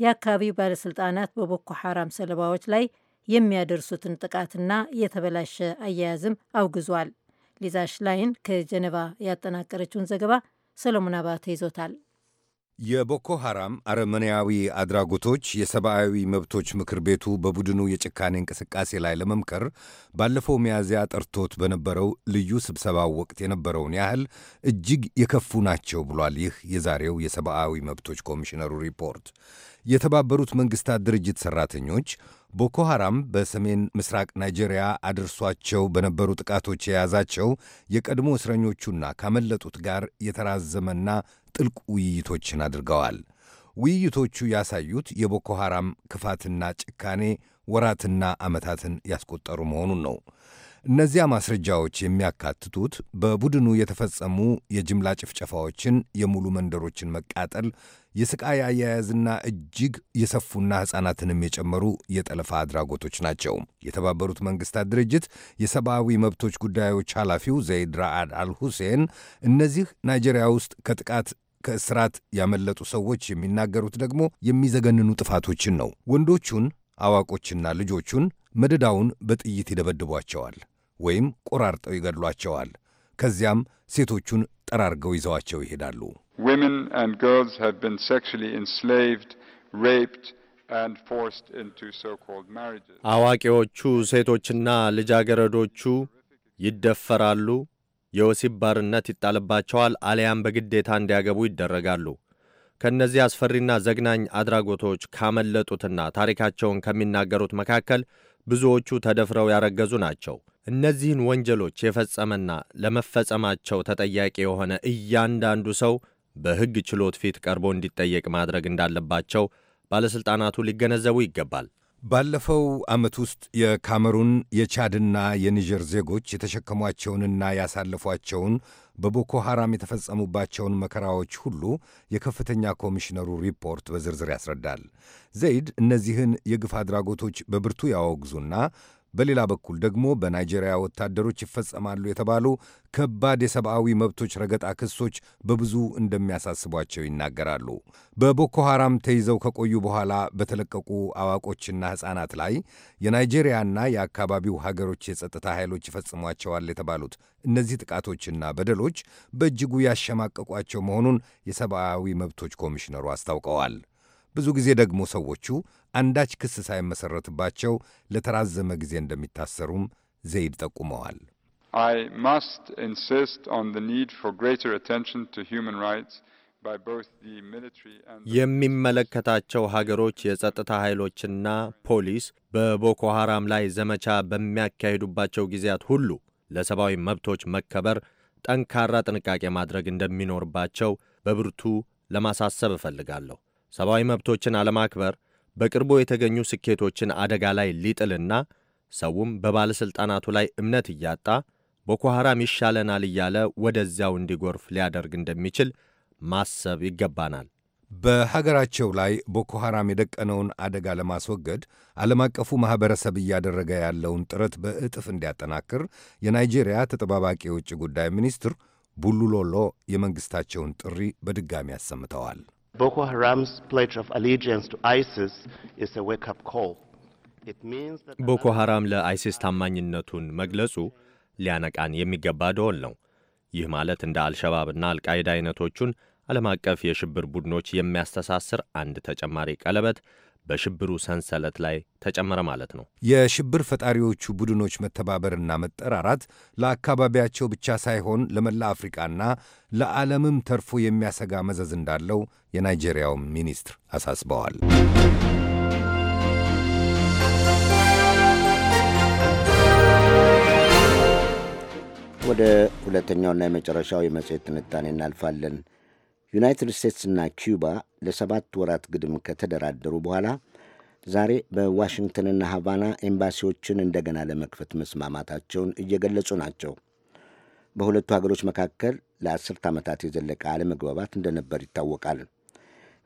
B: የአካባቢው ባለሥልጣናት በቦኮ ሐራም ሰለባዎች ላይ የሚያደርሱትን ጥቃትና የተበላሸ አያያዝም አውግዟል። ሊዛ ሽላይን ከጀኔቫ ያጠናቀረችውን ዘገባ ሰሎሞን አባተ ይዞታል።
I: የቦኮ ሐራም አረመኔያዊ አድራጎቶች የሰብአዊ መብቶች ምክር ቤቱ በቡድኑ የጭካኔ እንቅስቃሴ ላይ ለመምከር ባለፈው ሚያዝያ ጠርቶት በነበረው ልዩ ስብሰባው ወቅት የነበረውን ያህል እጅግ የከፉ ናቸው ብሏል። ይህ የዛሬው የሰብአዊ መብቶች ኮሚሽነሩ ሪፖርት የተባበሩት መንግስታት ድርጅት ሠራተኞች ቦኮ ሐራም በሰሜን ምስራቅ ናይጄሪያ አድርሷቸው በነበሩ ጥቃቶች የያዛቸው የቀድሞ እስረኞቹና ካመለጡት ጋር የተራዘመና ጥልቅ ውይይቶችን አድርገዋል። ውይይቶቹ ያሳዩት የቦኮ ሐራም ክፋትና ጭካኔ ወራትና ዓመታትን ያስቆጠሩ መሆኑን ነው። እነዚያ ማስረጃዎች የሚያካትቱት በቡድኑ የተፈጸሙ የጅምላ ጭፍጨፋዎችን፣ የሙሉ መንደሮችን መቃጠል፣ የሥቃይ አያያዝና እጅግ የሰፉና ሕፃናትንም የጨመሩ የጠለፋ አድራጎቶች ናቸው። የተባበሩት መንግሥታት ድርጅት የሰብአዊ መብቶች ጉዳዮች ኃላፊው ዘይድ ራአድ አልሁሴን እነዚህ ናይጄሪያ ውስጥ ከጥቃት ከእስራት ያመለጡ ሰዎች የሚናገሩት ደግሞ የሚዘገንኑ ጥፋቶችን ነው። ወንዶቹን አዋቆችና ልጆቹን መደዳውን በጥይት ይደበድቧቸዋል። ወይም ቆራርጠው ይገድሏቸዋል። ከዚያም ሴቶቹን ጠራርገው ይዘዋቸው ይሄዳሉ።
H: አዋቂዎቹ ሴቶችና ልጃገረዶቹ ይደፈራሉ፣ የወሲብ ባርነት ይጣልባቸዋል፣ አሊያም በግዴታ እንዲያገቡ ይደረጋሉ። ከእነዚህ አስፈሪና ዘግናኝ አድራጎቶች ካመለጡትና ታሪካቸውን ከሚናገሩት መካከል ብዙዎቹ ተደፍረው ያረገዙ ናቸው። እነዚህን ወንጀሎች የፈጸመና ለመፈጸማቸው ተጠያቂ የሆነ እያንዳንዱ ሰው በሕግ ችሎት ፊት ቀርቦ እንዲጠየቅ ማድረግ እንዳለባቸው ባለሥልጣናቱ ሊገነዘቡ ይገባል።
I: ባለፈው ዓመት ውስጥ የካሜሩን የቻድና የኒጀር ዜጎች የተሸከሟቸውንና ያሳለፏቸውን በቦኮ ሐራም የተፈጸሙባቸውን መከራዎች ሁሉ የከፍተኛ ኮሚሽነሩ ሪፖርት በዝርዝር ያስረዳል። ዘይድ እነዚህን የግፍ አድራጎቶች በብርቱ ያወግዙና በሌላ በኩል ደግሞ በናይጄሪያ ወታደሮች ይፈጸማሉ የተባሉ ከባድ የሰብአዊ መብቶች ረገጣ ክሶች በብዙ እንደሚያሳስቧቸው ይናገራሉ። በቦኮ ሐራም ተይዘው ከቆዩ በኋላ በተለቀቁ አዋቆችና ሕፃናት ላይ የናይጄሪያና የአካባቢው ሀገሮች የጸጥታ ኃይሎች ይፈጽሟቸዋል የተባሉት እነዚህ ጥቃቶችና በደሎች በእጅጉ ያሸማቀቋቸው መሆኑን የሰብአዊ መብቶች ኮሚሽነሩ አስታውቀዋል። ብዙ ጊዜ ደግሞ ሰዎቹ አንዳች ክስ ሳይመሰረትባቸው ለተራዘመ ጊዜ እንደሚታሰሩም ዘይድ ጠቁመዋል።
H: የሚመለከታቸው ሀገሮች የጸጥታ ኃይሎችና ፖሊስ በቦኮ ሐራም ላይ ዘመቻ በሚያካሂዱባቸው ጊዜያት ሁሉ ለሰብአዊ መብቶች መከበር ጠንካራ ጥንቃቄ ማድረግ እንደሚኖርባቸው በብርቱ ለማሳሰብ እፈልጋለሁ። ሰብአዊ መብቶችን አለማክበር በቅርቡ የተገኙ ስኬቶችን አደጋ ላይ ሊጥልና ሰውም በባለሥልጣናቱ ላይ እምነት እያጣ ቦኮ ሐራም ይሻለናል እያለ ወደዚያው እንዲጎርፍ ሊያደርግ እንደሚችል ማሰብ ይገባናል።
I: በሀገራቸው ላይ ቦኮ ሐራም የደቀነውን አደጋ ለማስወገድ ዓለም አቀፉ ማኅበረሰብ እያደረገ ያለውን ጥረት በእጥፍ እንዲያጠናክር የናይጄሪያ ተጠባባቂ የውጭ ጉዳይ ሚኒስትር ቡሉሎሎ የመንግሥታቸውን ጥሪ በድጋሚ አሰምተዋል።
J: Boko Haram's pledge of allegiance to ISIS is a wake-up call.
H: ቦኮ ሐራም ለአይሲስ ታማኝነቱን መግለጹ ሊያነቃን የሚገባ ደወል ነው። ይህ ማለት እንደ አልሸባብና አልቃይዳ አይነቶቹን ዓለም አቀፍ የሽብር ቡድኖች የሚያስተሳስር አንድ ተጨማሪ ቀለበት በሽብሩ ሰንሰለት ላይ ተጨመረ ማለት ነው።
I: የሽብር ፈጣሪዎቹ ቡድኖች መተባበርና መጠራራት ለአካባቢያቸው ብቻ ሳይሆን ለመላ አፍሪቃና ለዓለምም ተርፎ የሚያሰጋ መዘዝ እንዳለው የናይጄሪያው ሚኒስትር አሳስበዋል።
A: ወደ ሁለተኛውና የመጨረሻው የመጽሔት ትንታኔ እናልፋለን። ዩናይትድ ስቴትስና ኪዩባ ለሰባት ወራት ግድም ከተደራደሩ በኋላ ዛሬ በዋሽንግተንና ሀቫና ኤምባሲዎችን እንደገና ለመክፈት መስማማታቸውን እየገለጹ ናቸው። በሁለቱ ሀገሮች መካከል ለአስርት ዓመታት የዘለቀ አለመግባባት እንደነበር ይታወቃል።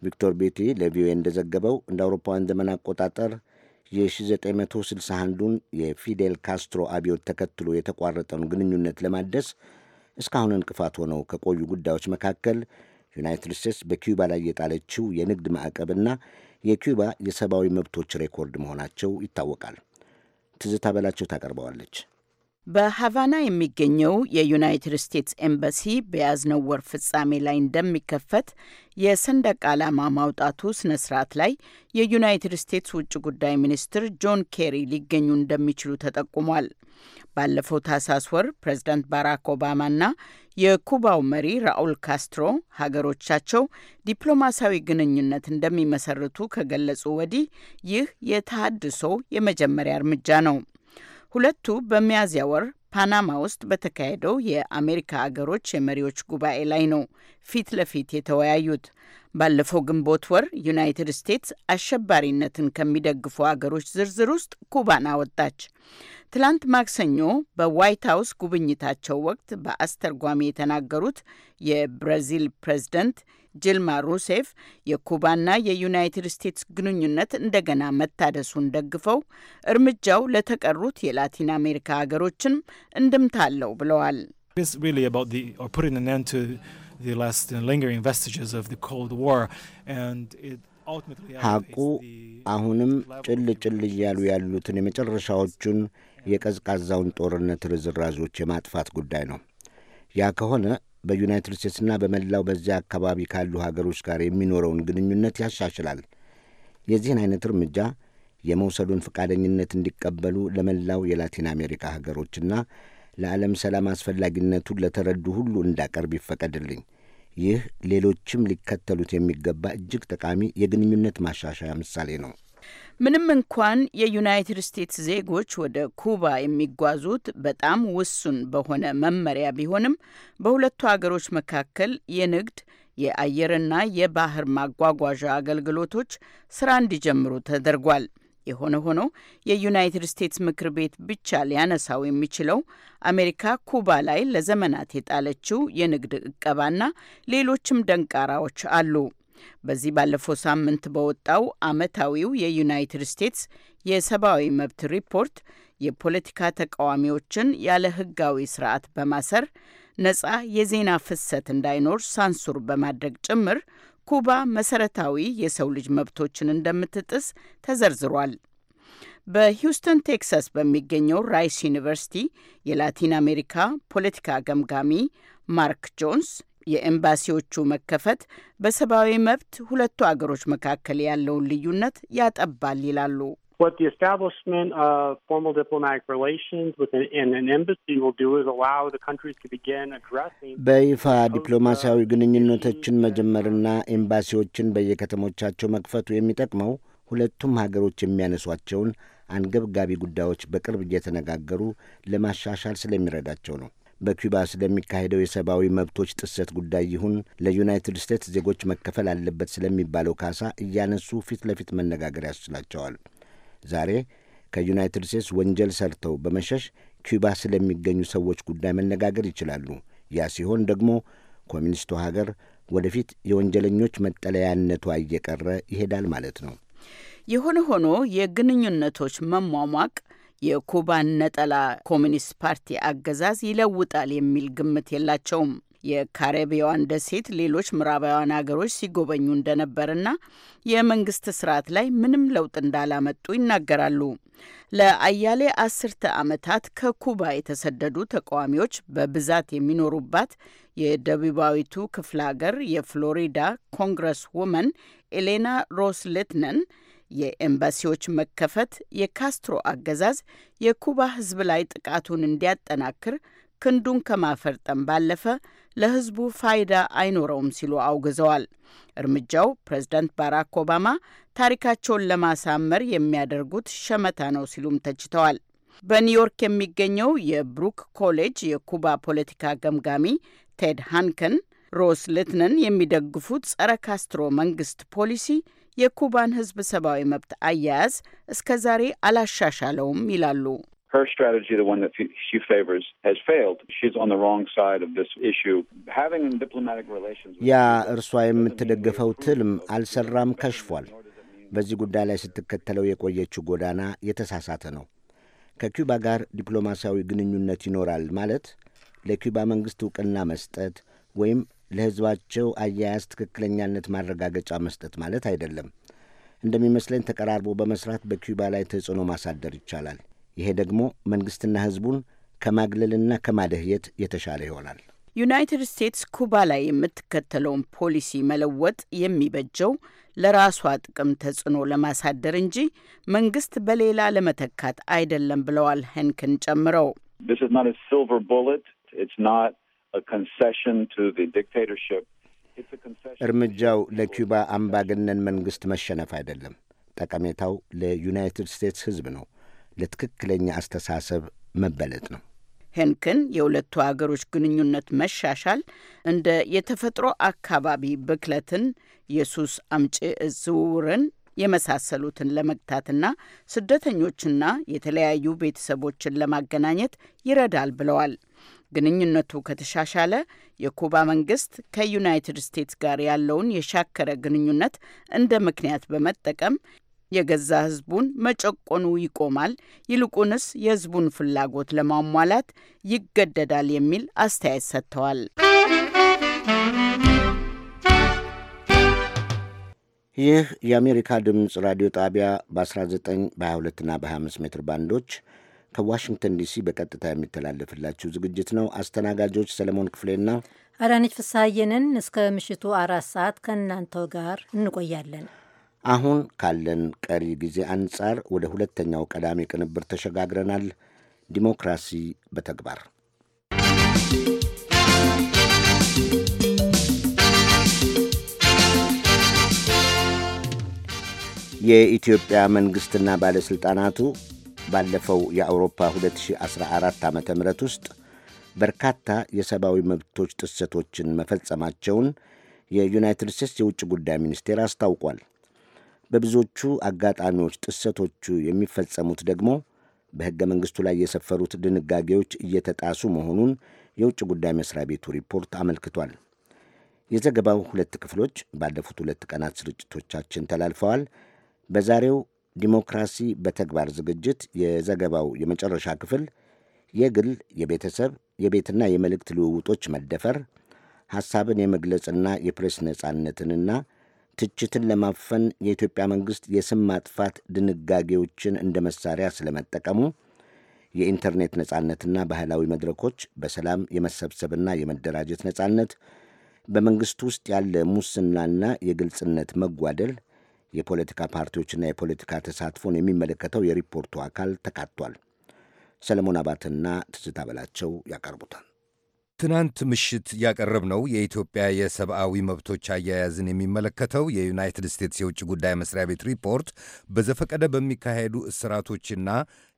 A: ቪክቶር ቤቲ ለቪኦኤ እንደዘገበው እንደ አውሮፓውያን ዘመን አቆጣጠር የ1961ዱን የፊዴል ካስትሮ አብዮት ተከትሎ የተቋረጠውን ግንኙነት ለማደስ እስካሁን እንቅፋት ሆነው ከቆዩ ጉዳዮች መካከል ዩናይትድ ስቴትስ በኪዩባ ላይ የጣለችው የንግድ ማዕቀብና የኪዩባ የሰብአዊ መብቶች ሬኮርድ መሆናቸው ይታወቃል። ትዝታ በላቸው ታቀርበዋለች።
K: በሀቫና የሚገኘው የዩናይትድ ስቴትስ ኤምባሲ በያዝነው ወር ፍጻሜ ላይ እንደሚከፈት የሰንደቅ ዓላማ ማውጣቱ ስነ ስርዓት ላይ የዩናይትድ ስቴትስ ውጭ ጉዳይ ሚኒስትር ጆን ኬሪ ሊገኙ እንደሚችሉ ተጠቁሟል። ባለፈው ታህሳስ ወር ፕሬዝዳንት ባራክ ኦባማና የኩባው መሪ ራኡል ካስትሮ ሀገሮቻቸው ዲፕሎማሲያዊ ግንኙነት እንደሚመሰርቱ ከገለጹ ወዲህ ይህ የተሃድሶ የመጀመሪያ እርምጃ ነው። ሁለቱ በሚያዝያ ወር ፓናማ ውስጥ በተካሄደው የአሜሪካ አገሮች የመሪዎች ጉባኤ ላይ ነው ፊት ለፊት የተወያዩት። ባለፈው ግንቦት ወር ዩናይትድ ስቴትስ አሸባሪነትን ከሚደግፉ አገሮች ዝርዝር ውስጥ ኩባን አወጣች። ትላንት ማክሰኞ በዋይት ሀውስ ጉብኝታቸው ወቅት በአስተርጓሚ የተናገሩት የብራዚል ፕሬዝደንት ጅልማ ሩሴፍ የኩባና የዩናይትድ ስቴትስ ግንኙነት እንደገና መታደሱን ደግፈው እርምጃው ለተቀሩት የላቲን አሜሪካ ሀገሮችን እንድምታ አለው ብለዋል።
E: uh,
A: ሐቁ አሁንም ጭል ጭል እያሉ ያሉትን የመጨረሻዎቹን የቀዝቃዛውን ጦርነት ርዝራዞች የማጥፋት ጉዳይ ነው። ያ ከሆነ በዩናይትድ ስቴትስና በመላው በዚያ አካባቢ ካሉ ሀገሮች ጋር የሚኖረውን ግንኙነት ያሻሽላል። የዚህን አይነት እርምጃ የመውሰዱን ፈቃደኝነት እንዲቀበሉ ለመላው የላቲን አሜሪካ ሀገሮችና ለዓለም ሰላም አስፈላጊነቱን ለተረዱ ሁሉ እንዳቀርብ ይፈቀድልኝ። ይህ ሌሎችም ሊከተሉት የሚገባ እጅግ ጠቃሚ የግንኙነት ማሻሻያ ምሳሌ ነው።
K: ምንም እንኳን የዩናይትድ ስቴትስ ዜጎች ወደ ኩባ የሚጓዙት በጣም ውሱን በሆነ መመሪያ ቢሆንም በሁለቱ ሀገሮች መካከል የንግድ የአየርና የባህር ማጓጓዣ አገልግሎቶች ስራ እንዲጀምሩ ተደርጓል። የሆነ ሆኖ የዩናይትድ ስቴትስ ምክር ቤት ብቻ ሊያነሳው የሚችለው አሜሪካ ኩባ ላይ ለዘመናት የጣለችው የንግድ እቀባና ሌሎችም ደንቃራዎች አሉ። በዚህ ባለፈው ሳምንት በወጣው ዓመታዊው የዩናይትድ ስቴትስ የሰብአዊ መብት ሪፖርት የፖለቲካ ተቃዋሚዎችን ያለ ሕጋዊ ስርዓት በማሰር ነጻ የዜና ፍሰት እንዳይኖር ሳንሱር በማድረግ ጭምር ኩባ መሰረታዊ የሰው ልጅ መብቶችን እንደምትጥስ ተዘርዝሯል። በሂውስተን ቴክሳስ በሚገኘው ራይስ ዩኒቨርሲቲ የላቲን አሜሪካ ፖለቲካ ገምጋሚ ማርክ ጆንስ የኤምባሲዎቹ መከፈት በሰብአዊ መብት ሁለቱ አገሮች መካከል ያለውን ልዩነት ያጠባል ይላሉ።
A: በይፋ ዲፕሎማሲያዊ ግንኙነቶችን መጀመርና ኤምባሲዎችን በየከተሞቻቸው መክፈቱ የሚጠቅመው ሁለቱም ሀገሮች የሚያነሷቸውን አንገብጋቢ ጉዳዮች በቅርብ እየተነጋገሩ ለማሻሻል ስለሚረዳቸው ነው። በኩባ ስለሚካሄደው የሰብአዊ መብቶች ጥሰት ጉዳይ ይሁን ለዩናይትድ ስቴትስ ዜጎች መከፈል አለበት ስለሚባለው ካሳ እያነሱ ፊት ለፊት መነጋገር ያስችላቸዋል። ዛሬ ከዩናይትድ ስቴትስ ወንጀል ሰርተው በመሸሽ ኪዩባ ስለሚገኙ ሰዎች ጉዳይ መነጋገር ይችላሉ። ያ ሲሆን ደግሞ ኮሚኒስቱ ሀገር ወደፊት የወንጀለኞች መጠለያነቷ እየቀረ ይሄዳል ማለት ነው።
K: የሆነ ሆኖ የግንኙነቶች መሟሟቅ የኩባን ነጠላ ኮሚኒስት ፓርቲ አገዛዝ ይለውጣል የሚል ግምት የላቸውም። የካሪቢያን ደሴት ሌሎች ምዕራባውያን ሀገሮች ሲጎበኙ እንደነበርና የመንግስት ስርዓት ላይ ምንም ለውጥ እንዳላመጡ ይናገራሉ። ለአያሌ አስርተ ዓመታት ከኩባ የተሰደዱ ተቃዋሚዎች በብዛት የሚኖሩባት የደቡባዊቱ ክፍለ ሀገር የፍሎሪዳ ኮንግረስ ውመን ኤሌና ሮስ ሌትነን የኤምባሲዎች መከፈት የካስትሮ አገዛዝ የኩባ ሕዝብ ላይ ጥቃቱን እንዲያጠናክር ክንዱን ከማፈርጠም ባለፈ ለሕዝቡ ፋይዳ አይኖረውም ሲሉ አውግዘዋል። እርምጃው ፕሬዝዳንት ባራክ ኦባማ ታሪካቸውን ለማሳመር የሚያደርጉት ሸመታ ነው ሲሉም ተችተዋል። በኒውዮርክ የሚገኘው የብሩክ ኮሌጅ የኩባ ፖለቲካ ገምጋሚ ቴድ ሃንከን ሮስ ልትነን የሚደግፉት ጸረ ካስትሮ መንግስት ፖሊሲ የኩባን ሕዝብ ሰብአዊ መብት አያያዝ እስከ ዛሬ አላሻሻለውም ይላሉ።
A: ያ እርሷ የምትደግፈው ትልም አልሰራም፣ ከሽፏል። በዚህ ጉዳይ ላይ ስትከተለው የቆየችው ጎዳና የተሳሳተ ነው። ከኪዩባ ጋር ዲፕሎማሲያዊ ግንኙነት ይኖራል ማለት ለኪዩባ መንግሥት ዕውቅና መስጠት ወይም ለሕዝባቸው አያያዝ ትክክለኛነት ማረጋገጫ መስጠት ማለት አይደለም። እንደሚመስለኝ ተቀራርቦ በመስራት በኪዩባ ላይ ተጽዕኖ ማሳደር ይቻላል። ይሄ ደግሞ መንግሥትና ሕዝቡን ከማግለልና ከማደህየት የተሻለ ይሆናል።
K: ዩናይትድ ስቴትስ ኩባ ላይ የምትከተለውን ፖሊሲ መለወጥ የሚበጀው ለራሷ ጥቅም ተጽዕኖ ለማሳደር እንጂ መንግስት በሌላ ለመተካት አይደለም ብለዋል ሄንክን ጨምረው። እርምጃው
A: ለኪባ አምባገነን መንግሥት መሸነፍ አይደለም። ጠቀሜታው ለዩናይትድ ስቴትስ ሕዝብ ነው። ለትክክለኛ አስተሳሰብ መበለጥ ነው።
K: ሄንክን የሁለቱ አገሮች ግንኙነት መሻሻል እንደ የተፈጥሮ አካባቢ ብክለትን፣ የሱስ አምጪ ዝውውርን የመሳሰሉትን ለመግታትና ስደተኞችና የተለያዩ ቤተሰቦችን ለማገናኘት ይረዳል ብለዋል። ግንኙነቱ ከተሻሻለ የኩባ መንግስት ከዩናይትድ ስቴትስ ጋር ያለውን የሻከረ ግንኙነት እንደ ምክንያት በመጠቀም የገዛ ህዝቡን መጨቆኑ ይቆማል፣ ይልቁንስ የህዝቡን ፍላጎት ለማሟላት ይገደዳል የሚል አስተያየት ሰጥተዋል።
A: ይህ የአሜሪካ ድምፅ ራዲዮ ጣቢያ በ19 በ22ና በ25 ሜትር ባንዶች ከዋሽንግተን ዲሲ በቀጥታ የሚተላለፍላችሁ ዝግጅት ነው። አስተናጋጆች ሰለሞን ክፍሌና
B: አዳነች ፍሳየንን እስከ ምሽቱ አራት ሰዓት ከእናንተው ጋር እንቆያለን።
A: አሁን ካለን ቀሪ ጊዜ አንጻር ወደ ሁለተኛው ቀዳሚ ቅንብር ተሸጋግረናል። ዲሞክራሲ በተግባር የኢትዮጵያ መንግሥትና ባለሥልጣናቱ ባለፈው የአውሮፓ 2014 ዓ ም ውስጥ በርካታ የሰብአዊ መብቶች ጥሰቶችን መፈጸማቸውን የዩናይትድ ስቴትስ የውጭ ጉዳይ ሚኒስቴር አስታውቋል። በብዙዎቹ አጋጣሚዎች ጥሰቶቹ የሚፈጸሙት ደግሞ በሕገ መንግሥቱ ላይ የሰፈሩት ድንጋጌዎች እየተጣሱ መሆኑን የውጭ ጉዳይ መሥሪያ ቤቱ ሪፖርት አመልክቷል። የዘገባው ሁለት ክፍሎች ባለፉት ሁለት ቀናት ስርጭቶቻችን ተላልፈዋል። በዛሬው ዲሞክራሲ በተግባር ዝግጅት የዘገባው የመጨረሻ ክፍል የግል የቤተሰብ የቤትና የመልእክት ልውውጦች መደፈር ሐሳብን የመግለጽና የፕሬስ ነጻነትንና ትችትን ለማፈን የኢትዮጵያ መንግሥት የስም ማጥፋት ድንጋጌዎችን እንደ መሳሪያ ስለመጠቀሙ የኢንተርኔት ነጻነትና ባህላዊ መድረኮች በሰላም የመሰብሰብና የመደራጀት ነጻነት በመንግሥት ውስጥ ያለ ሙስናና የግልጽነት መጓደል የፖለቲካ ፓርቲዎችና የፖለቲካ ተሳትፎን የሚመለከተው የሪፖርቱ አካል ተካቷል። ሰለሞን አባትና ትዝታ በላቸው ያቀርቡታል።
I: ትናንት ምሽት ያቀረብነው የኢትዮጵያ የሰብአዊ መብቶች አያያዝን የሚመለከተው የዩናይትድ ስቴትስ የውጭ ጉዳይ መስሪያ ቤት ሪፖርት በዘፈቀደ በሚካሄዱ እስራቶችና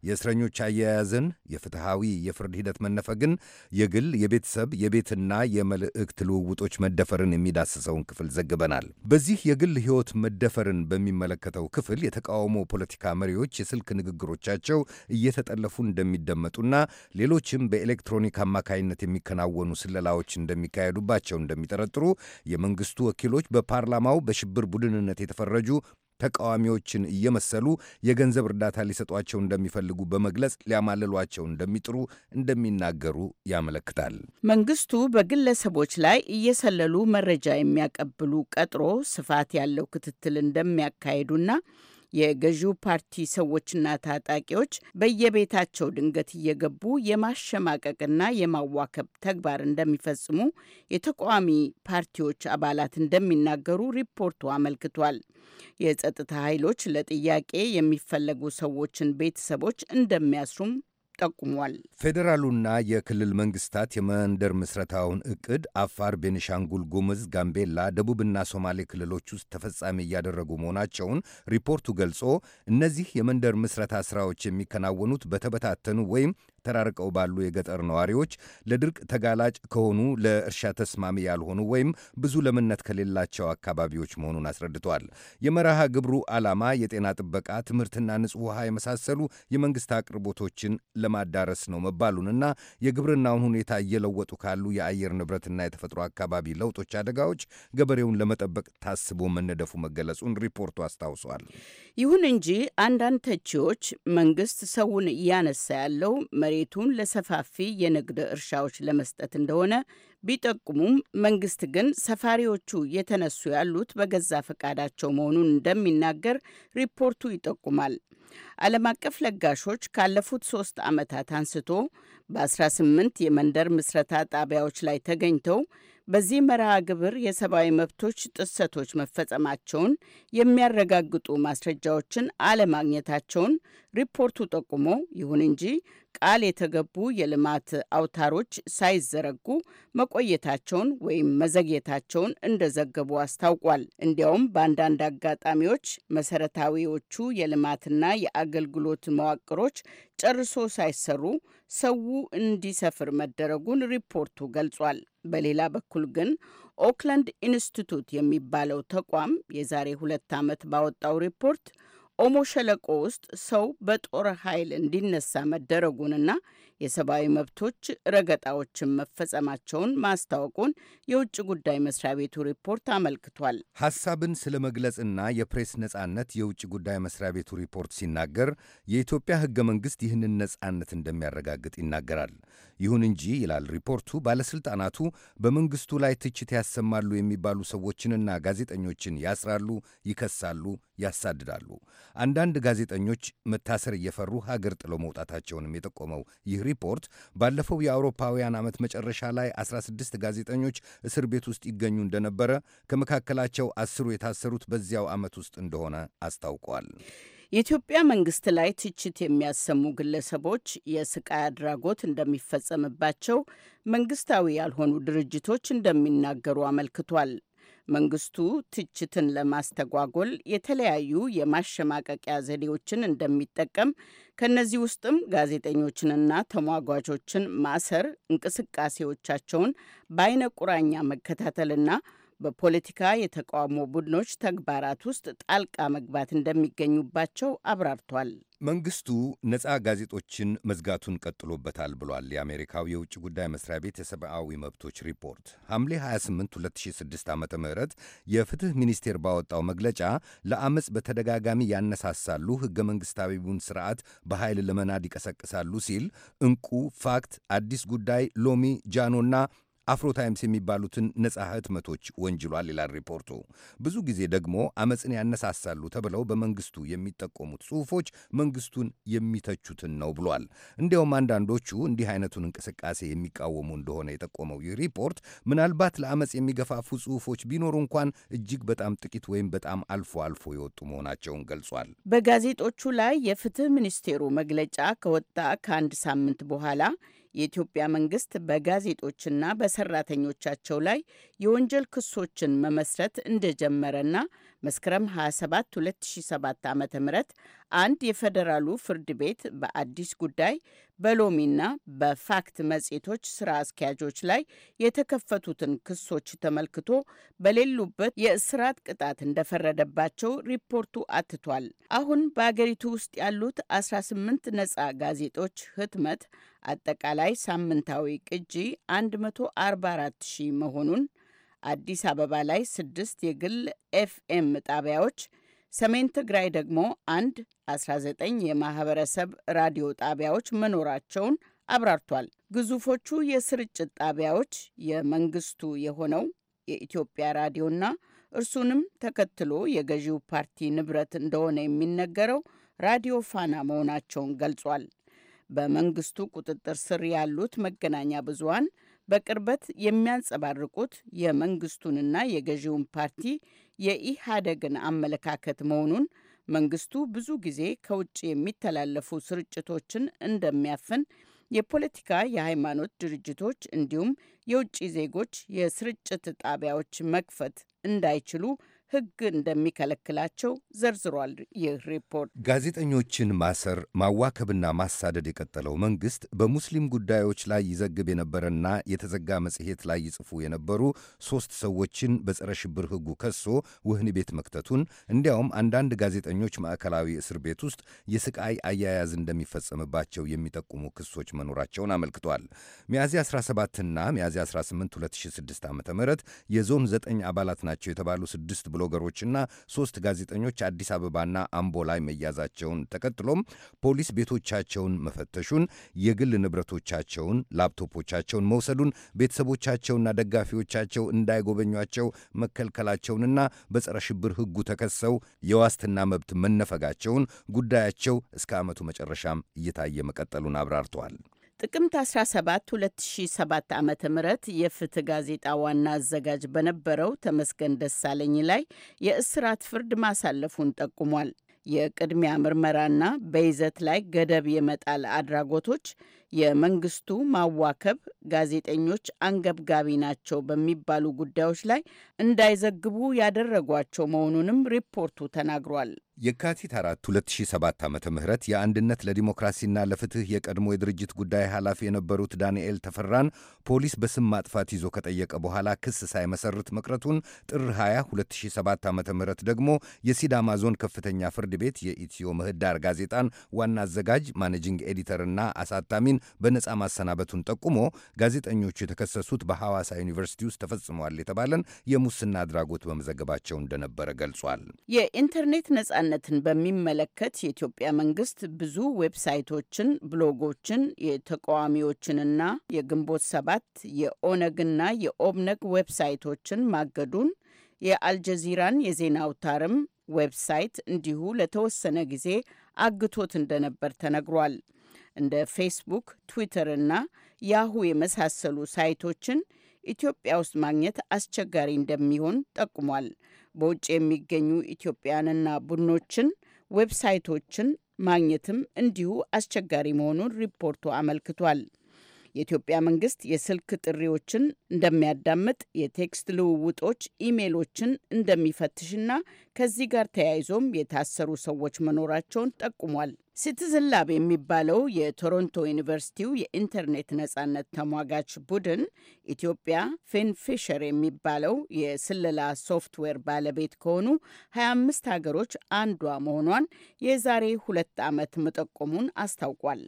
I: የእስረኞች አያያዝን፣ የፍትሐዊ የፍርድ ሂደት መነፈግን፣ የግል የቤተሰብ የቤትና የመልእክት ልውውጦች መደፈርን የሚዳስሰውን ክፍል ዘግበናል። በዚህ የግል ሕይወት መደፈርን በሚመለከተው ክፍል የተቃውሞ ፖለቲካ መሪዎች የስልክ ንግግሮቻቸው እየተጠለፉ እንደሚደመጡና ሌሎችም በኤሌክትሮኒክ አማካይነት የሚከናወኑ ስለላዎች እንደሚካሄዱባቸው እንደሚጠረጥሩ የመንግስቱ ወኪሎች በፓርላማው በሽብር ቡድንነት የተፈረጁ ተቃዋሚዎችን እየመሰሉ የገንዘብ እርዳታ ሊሰጧቸው እንደሚፈልጉ በመግለጽ ሊያማልሏቸው እንደሚጥሩ እንደሚናገሩ ያመለክታል።
K: መንግስቱ በግለሰቦች ላይ እየሰለሉ መረጃ የሚያቀብሉ ቀጥሮ ስፋት ያለው ክትትል እንደሚያካሂዱና የገዢው ፓርቲ ሰዎችና ታጣቂዎች በየቤታቸው ድንገት እየገቡ የማሸማቀቅና የማዋከብ ተግባር እንደሚፈጽሙ የተቃዋሚ ፓርቲዎች አባላት እንደሚናገሩ ሪፖርቱ አመልክቷል። የጸጥታ ኃይሎች ለጥያቄ የሚፈለጉ ሰዎችን ቤተሰቦች እንደሚያስሩም ጠቁሟል።
I: ፌዴራሉና የክልል መንግስታት የመንደር ምስረታውን እቅድ አፋር፣ ቤኒሻንጉል ጉምዝ፣ ጋምቤላ፣ ደቡብና ሶማሌ ክልሎች ውስጥ ተፈጻሚ እያደረጉ መሆናቸውን ሪፖርቱ ገልጾ እነዚህ የመንደር ምስረታ ስራዎች የሚከናወኑት በተበታተኑ ወይም ተራርቀው ባሉ የገጠር ነዋሪዎች ለድርቅ ተጋላጭ ከሆኑ ለእርሻ ተስማሚ ያልሆኑ ወይም ብዙ ለምነት ከሌላቸው አካባቢዎች መሆኑን አስረድቷል። የመርሃ ግብሩ ዓላማ የጤና ጥበቃ፣ ትምህርትና ንጹሕ ውሃ የመሳሰሉ የመንግሥት አቅርቦቶችን ለማዳረስ ነው መባሉንና የግብርናውን ሁኔታ እየለወጡ ካሉ የአየር ንብረትና የተፈጥሮ አካባቢ ለውጦች አደጋዎች ገበሬውን ለመጠበቅ ታስቦ
K: መነደፉ መገለጹን ሪፖርቱ አስታውሷል። ይሁን እንጂ አንዳንድ ተቺዎች መንግስት ሰውን እያነሳ ያለው መሬቱን ለሰፋፊ የንግድ እርሻዎች ለመስጠት እንደሆነ ቢጠቁሙም መንግስት ግን ሰፋሪዎቹ የተነሱ ያሉት በገዛ ፈቃዳቸው መሆኑን እንደሚናገር ሪፖርቱ ይጠቁማል። ዓለም አቀፍ ለጋሾች ካለፉት ሶስት ዓመታት አንስቶ በ18 የመንደር ምስረታ ጣቢያዎች ላይ ተገኝተው በዚህ መርሃ ግብር የሰብአዊ መብቶች ጥሰቶች መፈጸማቸውን የሚያረጋግጡ ማስረጃዎችን አለማግኘታቸውን ሪፖርቱ ጠቁሞ፣ ይሁን እንጂ ቃል የተገቡ የልማት አውታሮች ሳይዘረጉ መቆየታቸውን ወይም መዘግየታቸውን እንደዘገቡ አስታውቋል። እንዲያውም በአንዳንድ አጋጣሚዎች መሰረታዊዎቹ የልማትና የአገልግሎት መዋቅሮች ጨርሶ ሳይሰሩ ሰው እንዲሰፍር መደረጉን ሪፖርቱ ገልጿል። በሌላ በኩል ግን ኦክላንድ ኢንስቲቱት የሚባለው ተቋም የዛሬ ሁለት ዓመት ባወጣው ሪፖርት ኦሞ ሸለቆ ውስጥ ሰው በጦር ኃይል እንዲነሳ መደረጉንና የሰብአዊ መብቶች ረገጣዎችን መፈጸማቸውን ማስታወቁን የውጭ ጉዳይ መስሪያ ቤቱ ሪፖርት አመልክቷል። ሐሳብን
I: ስለ መግለጽና የፕሬስ ነጻነት የውጭ ጉዳይ መስሪያ ቤቱ ሪፖርት ሲናገር የኢትዮጵያ ሕገ መንግሥት ይህንን ነጻነት እንደሚያረጋግጥ ይናገራል። ይሁን እንጂ ይላል ሪፖርቱ፣ ባለሥልጣናቱ በመንግሥቱ ላይ ትችት ያሰማሉ የሚባሉ ሰዎችንና ጋዜጠኞችን ያስራሉ፣ ይከሳሉ፣ ያሳድዳሉ። አንዳንድ ጋዜጠኞች መታሰር እየፈሩ ሀገር ጥለው መውጣታቸውንም የጠቆመው ይህ ሪፖርት ባለፈው የአውሮፓውያን ዓመት መጨረሻ ላይ 16 ጋዜጠኞች እስር ቤት ውስጥ ይገኙ እንደነበረ፣ ከመካከላቸው አስሩ
K: የታሰሩት በዚያው ዓመት ውስጥ እንደሆነ አስታውቋል። የኢትዮጵያ መንግስት ላይ ትችት የሚያሰሙ ግለሰቦች የስቃይ አድራጎት እንደሚፈጸምባቸው መንግስታዊ ያልሆኑ ድርጅቶች እንደሚናገሩ አመልክቷል። መንግስቱ ትችትን ለማስተጓጎል የተለያዩ የማሸማቀቂያ ዘዴዎችን እንደሚጠቀም ከነዚህ ውስጥም ጋዜጠኞችንና ተሟጓቾችን ማሰር፣ እንቅስቃሴዎቻቸውን በአይነ ቁራኛ መከታተልና በፖለቲካ የተቃውሞ ቡድኖች ተግባራት ውስጥ ጣልቃ መግባት እንደሚገኙባቸው አብራርቷል። መንግስቱ
I: ነፃ ጋዜጦችን መዝጋቱን ቀጥሎበታል ብሏል። የአሜሪካው የውጭ ጉዳይ መስሪያ ቤት የሰብአዊ መብቶች ሪፖርት ሐምሌ 28 2006 ዓ ም የፍትህ ሚኒስቴር ባወጣው መግለጫ ለአመፅ በተደጋጋሚ ያነሳሳሉ፣ ህገ መንግሥታዊውን ስርዓት በኃይል ለመናድ ይቀሰቅሳሉ ሲል እንቁ፣ ፋክት፣ አዲስ ጉዳይ፣ ሎሚ፣ ጃኖና አፍሮ ታይምስ የሚባሉትን ነጻ ህትመቶች ወንጅሏል ይላል ሪፖርቱ። ብዙ ጊዜ ደግሞ አመፅን ያነሳሳሉ ተብለው በመንግስቱ የሚጠቆሙት ጽሑፎች መንግስቱን የሚተቹትን ነው ብሏል። እንዲያውም አንዳንዶቹ እንዲህ አይነቱን እንቅስቃሴ የሚቃወሙ እንደሆነ የጠቆመው ይህ ሪፖርት ምናልባት ለአመፅ የሚገፋፉ ጽሑፎች ቢኖሩ እንኳን እጅግ በጣም ጥቂት ወይም በጣም አልፎ አልፎ የወጡ መሆናቸውን ገልጿል።
K: በጋዜጦቹ ላይ የፍትህ ሚኒስቴሩ መግለጫ ከወጣ ከአንድ ሳምንት በኋላ የኢትዮጵያ መንግስት በጋዜጦችና በሰራተኞቻቸው ላይ የወንጀል ክሶችን መመስረት እንደጀመረና መስከረም 27 2007 ዓ ም አንድ የፌዴራሉ ፍርድ ቤት በአዲስ ጉዳይ በሎሚና በፋክት መጽሔቶች ስራ አስኪያጆች ላይ የተከፈቱትን ክሶች ተመልክቶ በሌሉበት የእስራት ቅጣት እንደፈረደባቸው ሪፖርቱ አትቷል። አሁን በአገሪቱ ውስጥ ያሉት 18 ነጻ ጋዜጦች ህትመት አጠቃላይ ሳምንታዊ ቅጂ 144 ሺህ መሆኑን አዲስ አበባ ላይ ስድስት የግል ኤፍኤም ጣቢያዎች ሰሜን ትግራይ ደግሞ አንድ 19 የማህበረሰብ ራዲዮ ጣቢያዎች መኖራቸውን አብራርቷል። ግዙፎቹ የስርጭት ጣቢያዎች የመንግስቱ የሆነው የኢትዮጵያ ራዲዮና እርሱንም ተከትሎ የገዢው ፓርቲ ንብረት እንደሆነ የሚነገረው ራዲዮ ፋና መሆናቸውን ገልጿል። በመንግስቱ ቁጥጥር ስር ያሉት መገናኛ ብዙሃን በቅርበት የሚያንጸባርቁት የመንግስቱንና የገዢውን ፓርቲ የኢህአደግን አመለካከት መሆኑን መንግስቱ ብዙ ጊዜ ከውጭ የሚተላለፉ ስርጭቶችን እንደሚያፍን የፖለቲካ የሃይማኖት ድርጅቶች እንዲሁም የውጭ ዜጎች የስርጭት ጣቢያዎች መክፈት እንዳይችሉ ሕግ እንደሚከለክላቸው ዘርዝሯል። ይህ ሪፖርት
I: ጋዜጠኞችን ማሰር፣ ማዋከብና ማሳደድ የቀጠለው መንግሥት በሙስሊም ጉዳዮች ላይ ይዘግብ የነበረና የተዘጋ መጽሔት ላይ ይጽፉ የነበሩ ሦስት ሰዎችን በጸረ ሽብር ሕጉ ከሶ ውህን ቤት መክተቱን እንዲያውም አንዳንድ ጋዜጠኞች ማዕከላዊ እስር ቤት ውስጥ የስቃይ አያያዝ እንደሚፈጸምባቸው የሚጠቁሙ ክሶች መኖራቸውን አመልክቷል። ሚያዝያ 17ና ሚያዝያ 18 2006 ዓ ም የዞን 9 አባላት ናቸው የተባሉ ስድስት ብሎ ብሎገሮችና ሦስት ጋዜጠኞች አዲስ አበባና አምቦ ላይ መያዛቸውን ተከትሎም ፖሊስ ቤቶቻቸውን መፈተሹን፣ የግል ንብረቶቻቸውን፣ ላፕቶፖቻቸውን መውሰዱን፣ ቤተሰቦቻቸውና ደጋፊዎቻቸው እንዳይጎበኟቸው መከልከላቸውንና በጸረ ሽብር ሕጉ ተከሰው የዋስትና መብት መነፈጋቸውን ጉዳያቸው እስከ ዓመቱ መጨረሻም እየታየ መቀጠሉን አብራርተዋል።
K: ጥቅምት 17 2007 ዓ ም የፍትህ ጋዜጣ ዋና አዘጋጅ በነበረው ተመስገን ደሳለኝ ላይ የእስራት ፍርድ ማሳለፉን ጠቁሟል። የቅድሚያ ምርመራና በይዘት ላይ ገደብ የመጣል አድራጎቶች የመንግስቱ ማዋከብ ጋዜጠኞች አንገብጋቢ ናቸው በሚባሉ ጉዳዮች ላይ እንዳይዘግቡ ያደረጓቸው መሆኑንም ሪፖርቱ ተናግሯል።
I: የካቲት 4 2007 ዓ ም የአንድነት ለዲሞክራሲና ለፍትህ የቀድሞ የድርጅት ጉዳይ ኃላፊ የነበሩት ዳንኤል ተፈራን ፖሊስ በስም ማጥፋት ይዞ ከጠየቀ በኋላ ክስ ሳይመሰርት መቅረቱን፣ ጥር 20 2007 ዓ ም ደግሞ የሲዳማ ዞን ከፍተኛ ፍርድ ቤት የኢትዮ ምህዳር ጋዜጣን ዋና አዘጋጅ ማኔጂንግ ኤዲተርና አሳታሚን በነፃ ማሰናበቱን ጠቁሞ ጋዜጠኞቹ የተከሰሱት በሐዋሳ ዩኒቨርሲቲ ውስጥ ተፈጽሟል የተባለን የሙስና አድራጎት በመዘገባቸው እንደነበረ ገልጿል።
K: የኢንተርኔት ነፃነትን በሚመለከት የኢትዮጵያ መንግስት ብዙ ዌብሳይቶችን፣ ብሎጎችን፣ የተቃዋሚዎችንና የግንቦት ሰባት የኦነግና የኦብነግ ዌብሳይቶችን ማገዱን የአልጀዚራን የዜና አውታርም ዌብሳይት እንዲሁ ለተወሰነ ጊዜ አግቶት እንደነበር ተነግሯል። እንደ ፌስቡክ፣ ትዊተር እና ያሁ የመሳሰሉ ሳይቶችን ኢትዮጵያ ውስጥ ማግኘት አስቸጋሪ እንደሚሆን ጠቁሟል። በውጭ የሚገኙ ኢትዮጵያንና ቡድኖችን ዌብሳይቶችን ማግኘትም እንዲሁ አስቸጋሪ መሆኑን ሪፖርቱ አመልክቷል። የኢትዮጵያ መንግስት የስልክ ጥሪዎችን እንደሚያዳምጥ፣ የቴክስት ልውውጦች፣ ኢሜሎችን እንደሚፈትሽና ከዚህ ጋር ተያይዞም የታሰሩ ሰዎች መኖራቸውን ጠቁሟል። ሲቲዝን ላብ የሚባለው የቶሮንቶ ዩኒቨርሲቲው የኢንተርኔት ነጻነት ተሟጋች ቡድን ኢትዮጵያ ፊንፊሸር የሚባለው የስለላ ሶፍትዌር ባለቤት ከሆኑ 25 ሀገሮች አንዷ መሆኗን የዛሬ ሁለት ዓመት መጠቆሙን አስታውቋል።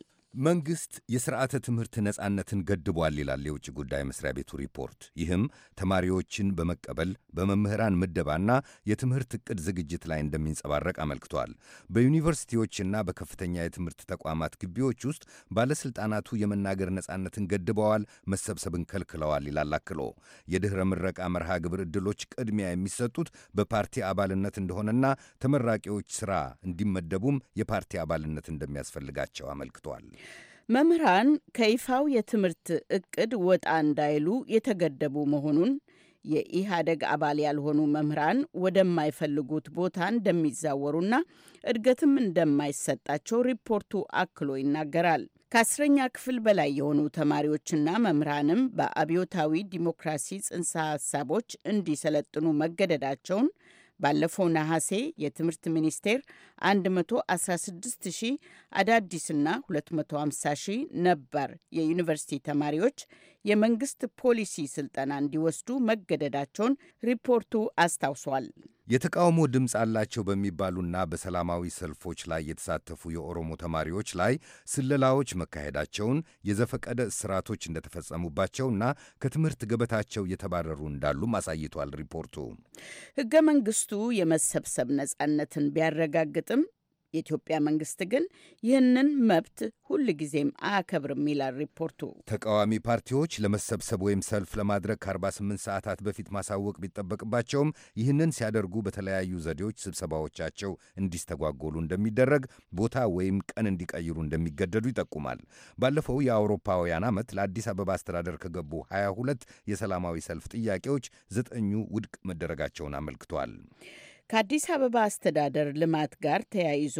I: መንግሥት የሥርዓተ ትምህርት ነጻነትን ገድቧል ይላል የውጭ ጉዳይ መስሪያ ቤቱ ሪፖርት። ይህም ተማሪዎችን በመቀበል በመምህራን ምደባና የትምህርት ዕቅድ ዝግጅት ላይ እንደሚንጸባረቅ አመልክቷል። በዩኒቨርሲቲዎችና በከፍተኛ የትምህርት ተቋማት ግቢዎች ውስጥ ባለሥልጣናቱ የመናገር ነጻነትን ገድበዋል፣ መሰብሰብን ከልክለዋል ይላል አክሎ። የድኅረ ምረቃ መርሃ ግብር ዕድሎች ቅድሚያ የሚሰጡት በፓርቲ አባልነት እንደሆነና ተመራቂዎች ሥራ እንዲመደቡም የፓርቲ አባልነት እንደሚያስፈልጋቸው አመልክቷል።
K: መምህራን ከይፋው የትምህርት እቅድ ወጣ እንዳይሉ የተገደቡ መሆኑን የኢህአደግ አባል ያልሆኑ መምህራን ወደማይፈልጉት ቦታ እንደሚዛወሩና እድገትም እንደማይሰጣቸው ሪፖርቱ አክሎ ይናገራል። ከአስረኛ ክፍል በላይ የሆኑ ተማሪዎችና መምህራንም በአብዮታዊ ዲሞክራሲ ጽንሰ ሀሳቦች እንዲሰለጥኑ መገደዳቸውን ባለፈው ነሐሴ የትምህርት ሚኒስቴር 116 ሺህ አዳዲስና 250 ሺህ ነባር የዩኒቨርሲቲ ተማሪዎች የመንግስት ፖሊሲ ስልጠና እንዲወስዱ መገደዳቸውን ሪፖርቱ አስታውሷል።
I: የተቃውሞ ድምፅ አላቸው በሚባሉና በሰላማዊ ሰልፎች ላይ የተሳተፉ የኦሮሞ ተማሪዎች ላይ ስለላዎች መካሄዳቸውን፣ የዘፈቀደ እስራቶች እንደተፈጸሙባቸውና ከትምህርት ገበታቸው የተባረሩ እንዳሉም አሳይቷል ሪፖርቱ።
K: ህገ መንግስቱ የመሰብሰብ ነጻነትን ቢያረጋግጥም የኢትዮጵያ መንግስት ግን ይህንን መብት ሁል ጊዜም አያከብርም ይላል ሪፖርቱ።
I: ተቃዋሚ ፓርቲዎች ለመሰብሰብ ወይም ሰልፍ ለማድረግ ከ48 ሰዓታት በፊት ማሳወቅ ቢጠበቅባቸውም ይህንን ሲያደርጉ በተለያዩ ዘዴዎች ስብሰባዎቻቸው እንዲስተጓጎሉ እንደሚደረግ፣ ቦታ ወይም ቀን እንዲቀይሩ እንደሚገደዱ ይጠቁማል። ባለፈው የአውሮፓውያን ዓመት ለአዲስ አበባ አስተዳደር ከገቡ 22 የሰላማዊ ሰልፍ ጥያቄዎች ዘጠኙ ውድቅ መደረጋቸውን አመልክቷል።
K: ከአዲስ አበባ አስተዳደር ልማት ጋር ተያይዞ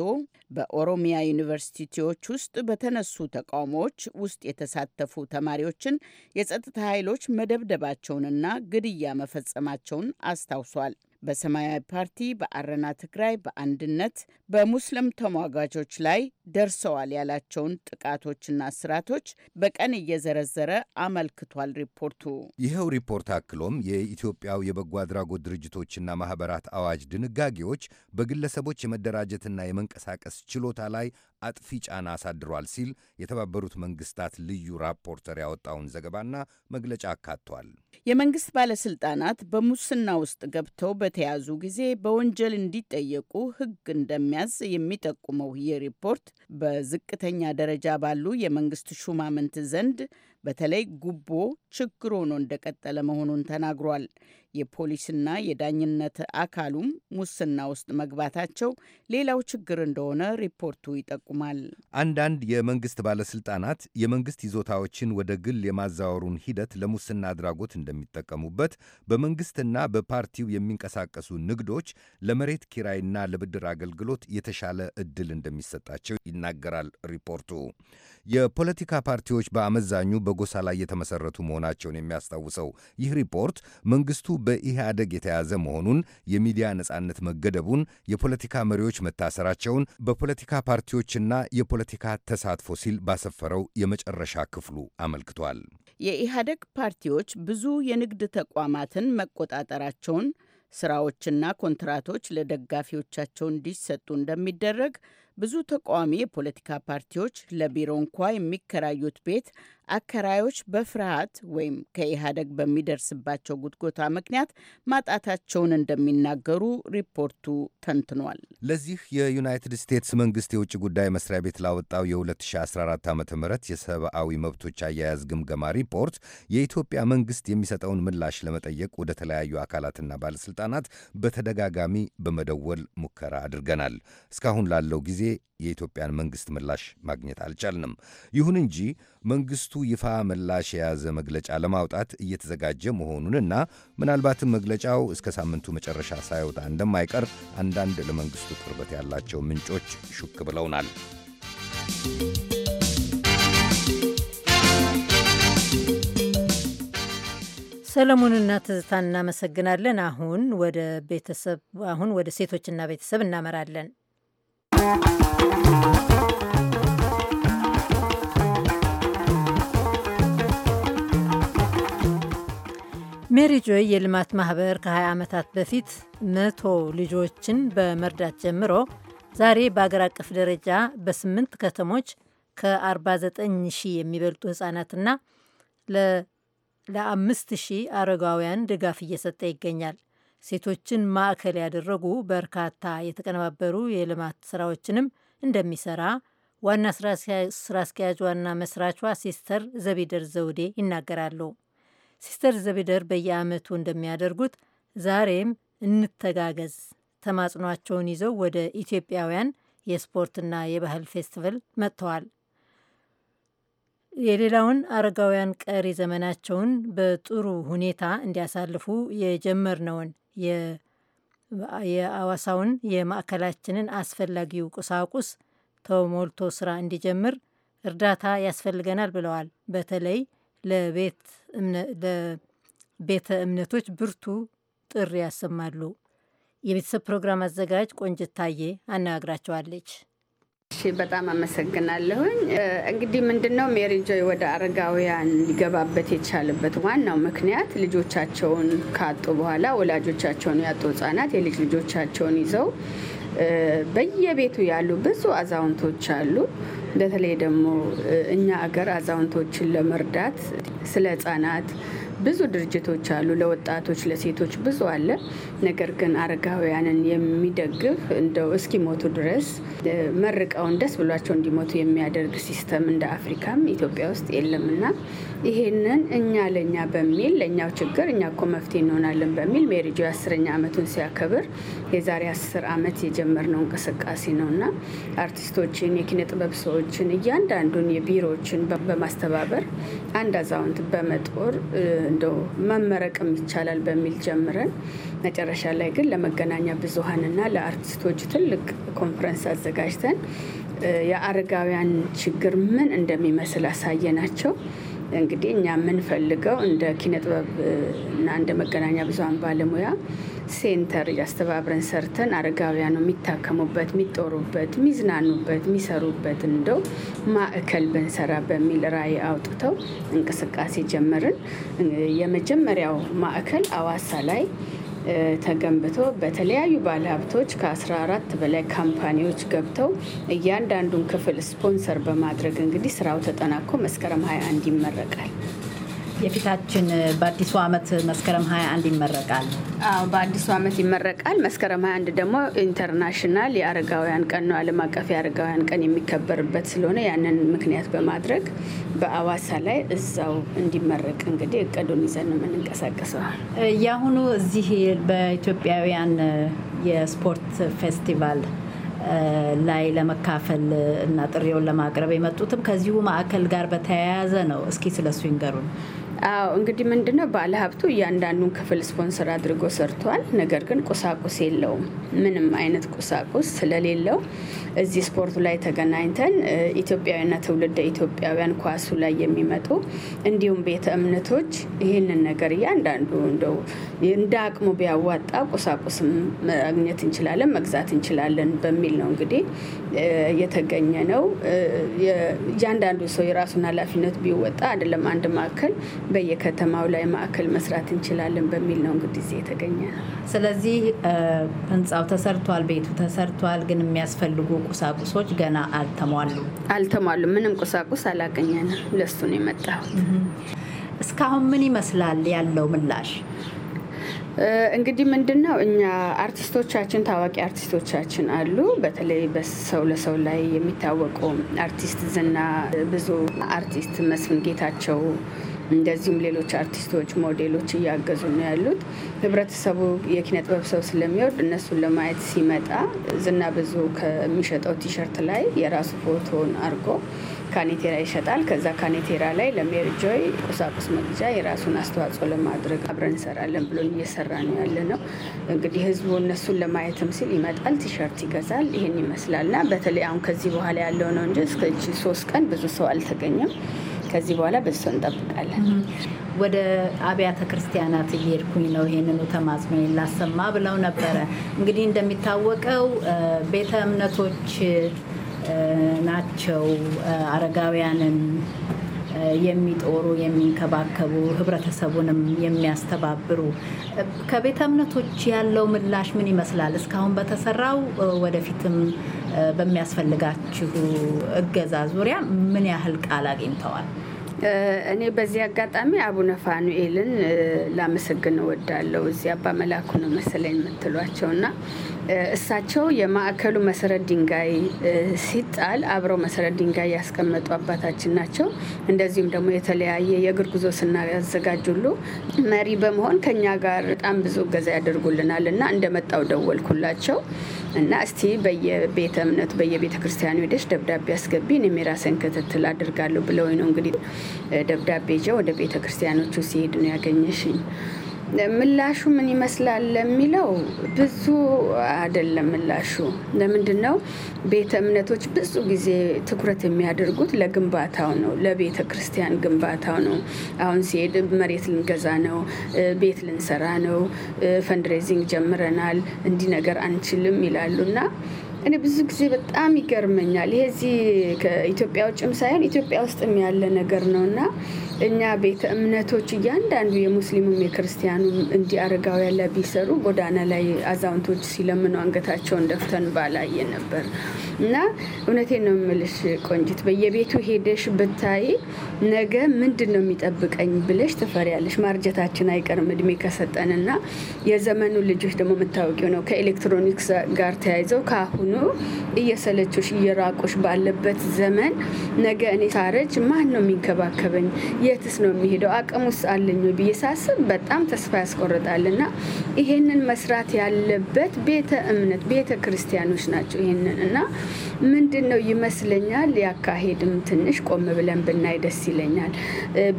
K: በኦሮሚያ ዩኒቨርሲቲዎች ውስጥ በተነሱ ተቃውሞዎች ውስጥ የተሳተፉ ተማሪዎችን የጸጥታ ኃይሎች መደብደባቸውንና ግድያ መፈጸማቸውን አስታውሷል። በሰማያዊ ፓርቲ፣ በአረና ትግራይ፣ በአንድነት በሙስሊም ተሟጋቾች ላይ ደርሰዋል ያላቸውን ጥቃቶችና ስራቶች በቀን እየዘረዘረ አመልክቷል ሪፖርቱ።
I: ይኸው ሪፖርት አክሎም የኢትዮጵያው የበጎ አድራጎት ድርጅቶችና ማህበራት አዋጅ ድንጋጌዎች በግለሰቦች የመደራጀትና የመንቀሳቀስ ችሎታ ላይ አጥፊ ጫና አሳድሯል ሲል የተባበሩት መንግስታት ልዩ ራፖርተር ያወጣውን ዘገባና መግለጫ
K: አካቷል። የመንግስት ባለስልጣናት በሙስና ውስጥ ገብተው በተያዙ ጊዜ በወንጀል እንዲጠየቁ ሕግ እንደሚያዝ የሚጠቁመው ይህ ሪፖርት በዝቅተኛ ደረጃ ባሉ የመንግስት ሹማምንት ዘንድ በተለይ ጉቦ ችግር ሆኖ እንደቀጠለ መሆኑን ተናግሯል። የፖሊስና የዳኝነት አካሉም ሙስና ውስጥ መግባታቸው ሌላው ችግር እንደሆነ ሪፖርቱ ይጠቁማል።
I: አንዳንድ የመንግስት ባለስልጣናት የመንግስት ይዞታዎችን ወደ ግል የማዛወሩን ሂደት ለሙስና አድራጎት እንደሚጠቀሙበት፣ በመንግስትና በፓርቲው የሚንቀሳቀሱ ንግዶች ለመሬት ኪራይና ለብድር አገልግሎት የተሻለ እድል እንደሚሰጣቸው ይናገራል ሪፖርቱ። የፖለቲካ ፓርቲዎች በአመዛኙ በጎሳ ላይ የተመሰረቱ መሆናቸውን የሚያስታውሰው ይህ ሪፖርት መንግስቱ በኢህአደግ የተያዘ መሆኑን፣ የሚዲያ ነጻነት መገደቡን፣ የፖለቲካ መሪዎች መታሰራቸውን በፖለቲካ ፓርቲዎችና የፖለቲካ ተሳትፎ ሲል ባሰፈረው የመጨረሻ ክፍሉ አመልክቷል።
K: የኢህአደግ ፓርቲዎች ብዙ የንግድ ተቋማትን መቆጣጠራቸውን ስራዎችና ኮንትራቶች ለደጋፊዎቻቸው እንዲሰጡ እንደሚደረግ ብዙ ተቃዋሚ የፖለቲካ ፓርቲዎች ለቢሮ እንኳ የሚከራዩት ቤት አከራዮች በፍርሃት ወይም ከኢህአደግ በሚደርስባቸው ጉትጎታ ምክንያት ማጣታቸውን እንደሚናገሩ ሪፖርቱ ተንትኗል።
I: ለዚህ የዩናይትድ ስቴትስ መንግስት የውጭ ጉዳይ መስሪያ ቤት ላወጣው የ2014 ዓ ም የሰብአዊ መብቶች አያያዝ ግምገማ ሪፖርት የኢትዮጵያ መንግስት የሚሰጠውን ምላሽ ለመጠየቅ ወደ ተለያዩ አካላትና ባለሥልጣናት በተደጋጋሚ በመደወል ሙከራ አድርገናል። እስካሁን ላለው ጊዜ የኢትዮጵያን መንግሥት ምላሽ ማግኘት አልቻልንም። ይሁን እንጂ መንግሥቱ ይፋ ምላሽ የያዘ መግለጫ ለማውጣት እየተዘጋጀ መሆኑንና ምናልባትም መግለጫው እስከ ሳምንቱ መጨረሻ ሳይወጣ እንደማይቀር አንዳንድ ለመንግሥቱ ቅርበት ያላቸው ምንጮች ሹክ ብለውናል።
B: ሰለሞንና ትዝታን እናመሰግናለን። አሁን ወደ ቤተሰብ አሁን ወደ ሴቶችና ቤተሰብ እናመራለን። ሜሪጆይ የልማት ማህበር ከ20 ዓመታት በፊት መቶ ልጆችን በመርዳት ጀምሮ ዛሬ በአገር አቀፍ ደረጃ በስምንት ከተሞች ከ49 ሺህ የሚበልጡ ህጻናትና ለ 5 ሺህ አረጋውያን ድጋፍ እየሰጠ ይገኛል። ሴቶችን ማዕከል ያደረጉ በርካታ የተቀነባበሩ የልማት ስራዎችንም እንደሚሰራ ዋና ስራ አስኪያጅ ዋና መስራቿ ሲስተር ዘቢደር ዘውዴ ይናገራሉ። ሲስተር ዘቢደር በየአመቱ እንደሚያደርጉት ዛሬም እንተጋገዝ ተማጽኗቸውን ይዘው ወደ ኢትዮጵያውያን የስፖርትና የባህል ፌስቲቫል መጥተዋል። የሌላውን አረጋውያን ቀሪ ዘመናቸውን በጥሩ ሁኔታ እንዲያሳልፉ የጀመርነውን የአዋሳውን የማዕከላችንን አስፈላጊው ቁሳቁስ ተሞልቶ ስራ እንዲጀምር እርዳታ ያስፈልገናል ብለዋል። በተለይ ለቤተ እምነቶች ብርቱ ጥሪ ያሰማሉ። የቤተሰብ ፕሮግራም አዘጋጅ ቆንጅት ታዬ አነጋግራቸዋለች።
G: እሺ በጣም አመሰግናለሁኝ። እንግዲህ ምንድነው ሜሪ ጆይ ወደ አረጋውያን ሊገባበት የቻለበት ዋናው ምክንያት ልጆቻቸውን ካጡ በኋላ ወላጆቻቸውን ያጡ ህጻናት የልጅ ልጆቻቸውን ይዘው በየቤቱ ያሉ ብዙ አዛውንቶች አሉ። በተለይ ደግሞ እኛ አገር አዛውንቶችን ለመርዳት ስለ ህጻናት ብዙ ድርጅቶች አሉ፣ ለወጣቶች ለሴቶች ብዙ አለ። ነገር ግን አረጋውያንን የሚደግፍ እንደው እስኪሞቱ ድረስ መርቀውን ደስ ብሏቸው እንዲሞቱ የሚያደርግ ሲስተም እንደ አፍሪካም ኢትዮጵያ ውስጥ የለምና ይሄንን እኛ ለእኛ በሚል ለእኛው ችግር እኛ እኮ መፍትሄ እንሆናለን በሚል ሜሪጆ አስረኛ ዓመቱን ሲያከብር የዛሬ አስር ዓመት የጀመርነው እንቅስቃሴ ነው እና አርቲስቶችን፣ የኪነ ጥበብ ሰዎችን እያንዳንዱን የቢሮዎችን በማስተባበር አንድ አዛውንት በመጦር እንደው መመረቅም ይቻላል በሚል ጀምረን መጨረሻ ላይ ግን ለመገናኛ ብዙሀንና ለአርቲስቶች ትልቅ ኮንፈረንስ አዘጋጅተን የአረጋውያን ችግር ምን እንደሚመስል አሳየናቸው። እንግዲህ እኛ የምንፈልገው እንደ ኪነ ጥበብ እና እንደ መገናኛ ብዙኃን ባለሙያ ሴንተር እያስተባብረን ሰርተን አረጋውያኑ የሚታከሙበት፣ የሚጦሩበት፣ የሚዝናኑበት፣ የሚሰሩበት እንደው ማዕከል ብንሰራ በሚል ራዕይ አውጥተው እንቅስቃሴ ጀመርን። የመጀመሪያው ማዕከል አዋሳ ላይ ተገንብቶ በተለያዩ ባለሀብቶች ከ14 በላይ ካምፓኒዎች ገብተው እያንዳንዱን ክፍል ስፖንሰር በማድረግ እንግዲህ ስራው ተጠናቆ መስከረም 21 ይመረቃል። የፊታችን በአዲሱ ዓመት መስከረም 21 ይመረቃል። አዎ በአዲሱ ዓመት ይመረቃል። መስከረም 21 ደግሞ ኢንተርናሽናል የአረጋውያን ቀን ነው። ዓለም አቀፍ የአረጋውያን ቀን የሚከበርበት ስለሆነ ያንን ምክንያት በማድረግ በአዋሳ ላይ እዛው እንዲመረቅ እንግዲህ እቅዱን ይዘን ነው የምንንቀሳቀሰው።
F: የአሁኑ እዚህ በኢትዮጵያውያን የስፖርት ፌስቲቫል ላይ ለመካፈል እና ጥሪውን ለማቅረብ
G: የመጡትም ከዚሁ ማዕከል ጋር በተያያዘ ነው። እስኪ ስለሱ ይንገሩን። አዎ እንግዲህ ምንድነው ባለሀብቱ እያንዳንዱን ክፍል ስፖንሰር አድርጎ ሰርቷል። ነገር ግን ቁሳቁስ የለውም። ምንም አይነት ቁሳቁስ ስለሌለው እዚህ ስፖርቱ ላይ ተገናኝተን ኢትዮጵያዊና ትውልደ ኢትዮጵያውያን ኳሱ ላይ የሚመጡ እንዲሁም ቤተ እምነቶች ይህንን ነገር እያንዳንዱ እንደው እንደ አቅሙ ቢያዋጣ ቁሳቁስም ማግኘት እንችላለን፣ መግዛት እንችላለን በሚል ነው እንግዲህ የተገኘ ነው። እያንዳንዱ ሰው የራሱን ኃላፊነት ቢወጣ አይደለም አንድ ማዕከል በየከተማው ላይ ማዕከል መስራት እንችላለን በሚል ነው እንግዲህ እዚህ የተገኘ። ስለዚህ
F: ህንፃው ተሰርቷል፣ ቤቱ ተሰርቷል፣ ግን የሚያስፈልጉ ቁሳቁሶች ገና አልተሟሉ
G: አልተሟሉ። ምንም ቁሳቁስ አላገኘንም። ለሱ ነው የመጣሁት። እስካሁን ምን ይመስላል ያለው ምላሽ? እንግዲህ ምንድን ነው እኛ አርቲስቶቻችን ታዋቂ አርቲስቶቻችን አሉ። በተለይ በሰው ለሰው ላይ የሚታወቁ አርቲስት ዝና ብዙ አርቲስት መስፍን ጌታቸው እንደዚሁም ሌሎች አርቲስቶች፣ ሞዴሎች እያገዙ ነው ያሉት። ህብረተሰቡ የኪነ ጥበብ ሰው ስለሚወድ እነሱን ለማየት ሲመጣ ዝና ብዙ ከሚሸጠው ቲሸርት ላይ የራሱ ፎቶን አርጎ ካኔቴራ ይሸጣል። ከዛ ካኔቴራ ላይ ለሜሪ ጆይ ቁሳቁስ መግዣ የራሱን አስተዋጽኦ ለማድረግ አብረን እንሰራለን ብሎ እየሰራ ነው ያለ ነው። እንግዲህ ህዝቡ እነሱን ለማየትም ሲል ይመጣል፣ ቲሸርት ይገዛል። ይህን ይመስላል እና በተለይ አሁን ከዚህ በኋላ ያለው ነው እንጂ እስከ ሶስት ቀን ብዙ ሰው አልተገኘም። ከዚህ በኋላ በሱ እንጠብቃለን። ወደ አብያተ
F: ክርስቲያናት እየሄድኩኝ ነው ይሄንኑ ተማጽኖ ላሰማ ብለው ነበረ። እንግዲህ እንደሚታወቀው ቤተ እምነቶች ናቸው አረጋውያንን የሚጦሩ የሚንከባከቡ፣ ህብረተሰቡንም የሚያስተባብሩ። ከቤተ እምነቶች ያለው ምላሽ ምን ይመስላል? እስካሁን በተሰራው ወደፊትም በሚያስፈልጋችሁ እገዛ ዙሪያ ምን ያህል ቃል አግኝተዋል?
G: እኔ በዚህ አጋጣሚ አቡነ ፋኑኤልን ላመሰግን እወዳለሁ። እዚህ አባ መላኩ ነው መሰለኝ የምትሏቸው እና እሳቸው የማዕከሉ መሰረት ድንጋይ ሲጣል አብረው መሰረት ድንጋይ ያስቀመጡ አባታችን ናቸው። እንደዚሁም ደግሞ የተለያየ የእግር ጉዞ ስናዘጋጅሉ መሪ በመሆን ከኛ ጋር በጣም ብዙ እገዛ ያደርጉልናል እና እንደመጣው ደወልኩላቸው እና እስቲ በየቤተ እምነቱ በየቤተ ክርስቲያኑ ሄደሽ ደብዳቤ አስገቢ፣ እኔም የራሴን ክትትል አድርጋለሁ ብለው ነው እንግዲህ ደብዳቤ ይዤ ወደ ቤተ ክርስቲያኖቹ ሲሄድ ነው ያገኘሽኝ። ምላሹ ምን ይመስላል ለሚለው ብዙ አይደለም። ምላሹ ለምንድን ነው? ቤተ እምነቶች ብዙ ጊዜ ትኩረት የሚያደርጉት ለግንባታው ነው፣ ለቤተ ክርስቲያን ግንባታው ነው። አሁን ሲሄድ መሬት ልንገዛ ነው፣ ቤት ልንሰራ ነው፣ ፈንድሬዚንግ ጀምረናል፣ እንዲህ ነገር አንችልም ይላሉ እና እኔ ብዙ ጊዜ በጣም ይገርመኛል። ይሄ እዚህ ከኢትዮጵያ ውጭም ሳይሆን ኢትዮጵያ ውስጥም ያለ ነገር ነው እና እኛ ቤተ እምነቶች እያንዳንዱ የሙስሊሙም የክርስቲያኑም እንዲህ አረጋውያን ላይ ቢሰሩ ጎዳና ላይ አዛውንቶች ሲለምኑ አንገታቸውን ደፍተን ባላየ ነበር እና እውነቴ ነው የምልሽ ቆንጂት፣ በየቤቱ ሄደሽ ብታይ ነገ ምንድን ነው የሚጠብቀኝ ብለሽ ትፈሪያለሽ። ማርጀታችን አይቀርም እድሜ ከሰጠን እና የዘመኑ ልጆች ደግሞ የምታወቂው ነው ከኤሌክትሮኒክስ ጋር ተያይዘው ከአሁኑ እየሰለቾሽ እየራቆች ባለበት ዘመን ነገ እኔ ሳረጅ ማን ነው የሚንከባከበኝ? የትስ ነው የሚሄደው አቅሙስ አለኝ ብዬ ሳስብ በጣም ተስፋ ያስቆርጣል። እና ይሄንን መስራት ያለበት ቤተ እምነት ቤተ ክርስቲያኖች ናቸው። ይሄንን እና ምንድን ነው ይመስለኛል ያካሄድም ትንሽ ቆም ብለን ብናይ ደስ ይለኛል።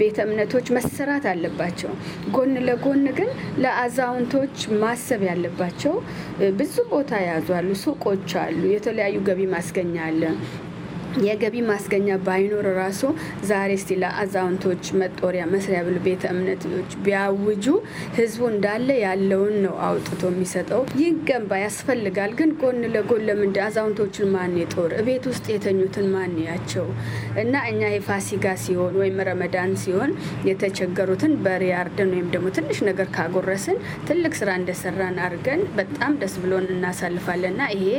G: ቤተ እምነቶች መሰራት አለባቸው። ጎን ለጎን ግን ለአዛውንቶች ማሰብ ያለባቸው ብዙ ቦታ ያዟሉ። ሱቆች አሉ፣ የተለያዩ ገቢ ማስገኛ አለ የገቢ ማስገኛ ባይኖር ራሱ ዛሬ እስቲ ለአዛውንቶች መጦሪያ መስሪያ ብሎ ቤተ እምነቶች ቢያውጁ ህዝቡ እንዳለ ያለውን ነው አውጥቶ የሚሰጠው። ይገንባ ያስፈልጋል። ግን ጎን ለጎን ለምንድ አዛውንቶችን ማን ይጦር? እቤት ውስጥ የተኙትን ማን ያቸው? እና እኛ የፋሲጋ ሲሆን ወይም ረመዳን ሲሆን የተቸገሩትን በሪያርደን ወይም ደግሞ ትንሽ ነገር ካጎረስን ትልቅ ስራ እንደሰራን አድርገን በጣም ደስ ብሎን እናሳልፋለን። እና ይሄ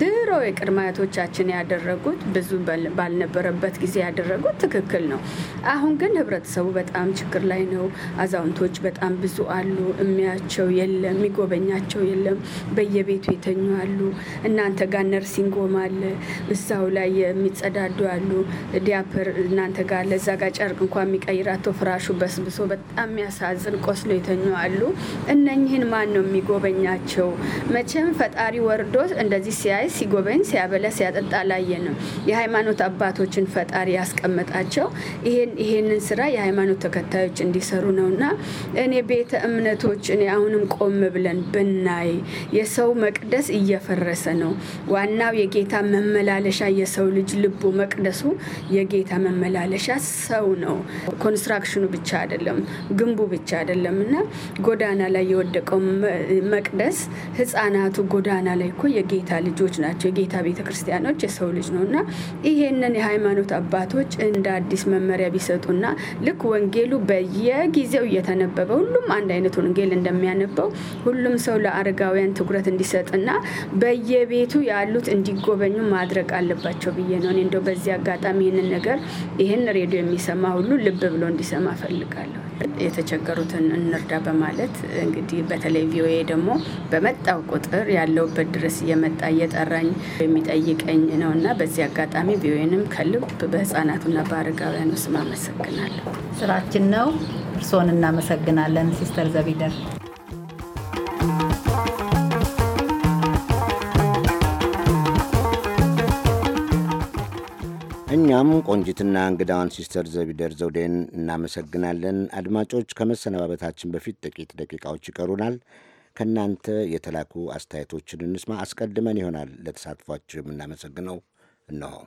G: ድሮ የቅድማያቶቻችን ያደረጉት ብዙ ብዙ ባልነበረበት ጊዜ ያደረጉት ትክክል ነው። አሁን ግን ህብረተሰቡ በጣም ችግር ላይ ነው። አዛውንቶች በጣም ብዙ አሉ። እሚያቸው የለም፣ የሚጎበኛቸው የለም። በየቤቱ የተኙ አሉ። እናንተ ጋር ነርሲንግ ሆም አለ፣ እዛው ላይ የሚጸዳዱ አሉ። ዲያፐር እናንተ ጋር ለዛ ጋር ጨርቅ እንኳ የሚቀይራቶ ፍራሹ በስብሶ በጣም የሚያሳዝን ቆስሎ የተኙ አሉ። እነኝህን ማን ነው የሚጎበኛቸው? መቼም ፈጣሪ ወርዶ እንደዚህ ሲያይ ሲጎበኝ ሲያበለ ሲያጠጣ ላየ ነው። የሃይማኖት አባቶችን ፈጣሪ ያስቀመጣቸው ይሄን ይሄንን ስራ የሃይማኖት ተከታዮች እንዲሰሩ ነው እና እኔ ቤተ እምነቶች እኔ አሁንም ቆም ብለን ብናይ የሰው መቅደስ እየፈረሰ ነው። ዋናው የጌታ መመላለሻ የሰው ልጅ ልቡ መቅደሱ የጌታ መመላለሻ ሰው ነው። ኮንስትራክሽኑ ብቻ አይደለም፣ ግንቡ ብቻ አይደለም እና ጎዳና ላይ የወደቀው መቅደስ ህፃናቱ ጎዳና ላይ እኮ የጌታ ልጆች ናቸው። የጌታ ቤተ ክርስቲያኖች የሰው ልጅ ነው እና ይሄንን የሃይማኖት አባቶች እንደ አዲስ መመሪያ ቢሰጡና ልክ ወንጌሉ በየጊዜው እየተነበበ ሁሉም አንድ አይነት ወንጌል እንደሚያነበው ሁሉም ሰው ለአረጋውያን ትኩረት እንዲሰጥና በየቤቱ ያሉት እንዲጎበኙ ማድረግ አለባቸው ብዬ ነው። እንደው በዚህ አጋጣሚ ይህንን ነገር ይህን ሬዲዮ የሚሰማ ሁሉ ልብ ብሎ እንዲሰማ ፈልጋለሁ። የተቸገሩትን እንርዳ በማለት እንግዲህ በተለይ ቪኦኤ ደግሞ በመጣው ቁጥር ያለውበት ድረስ እየመጣ እየጠራኝ የሚጠይቀኝ ነው እና በዚህ አጋጣሚ ቪኦኤንም ከልብ በህፃናቱና በአረጋውያኑ ስም አመሰግናለሁ።
F: ስራችን ነው። እርስዎን እናመሰግናለን ሲስተር ዘቢደር።
A: እኛም ቆንጂትና እንግዳዋን ሲስተር ዘቢደር ዘውዴን እናመሰግናለን። አድማጮች ከመሰነባበታችን በፊት ጥቂት ደቂቃዎች ይቀሩናል። ከእናንተ የተላኩ አስተያየቶችን እንስማ። አስቀድመን ይሆናል ለተሳትፏችሁ የምናመሰግነው። እነሆ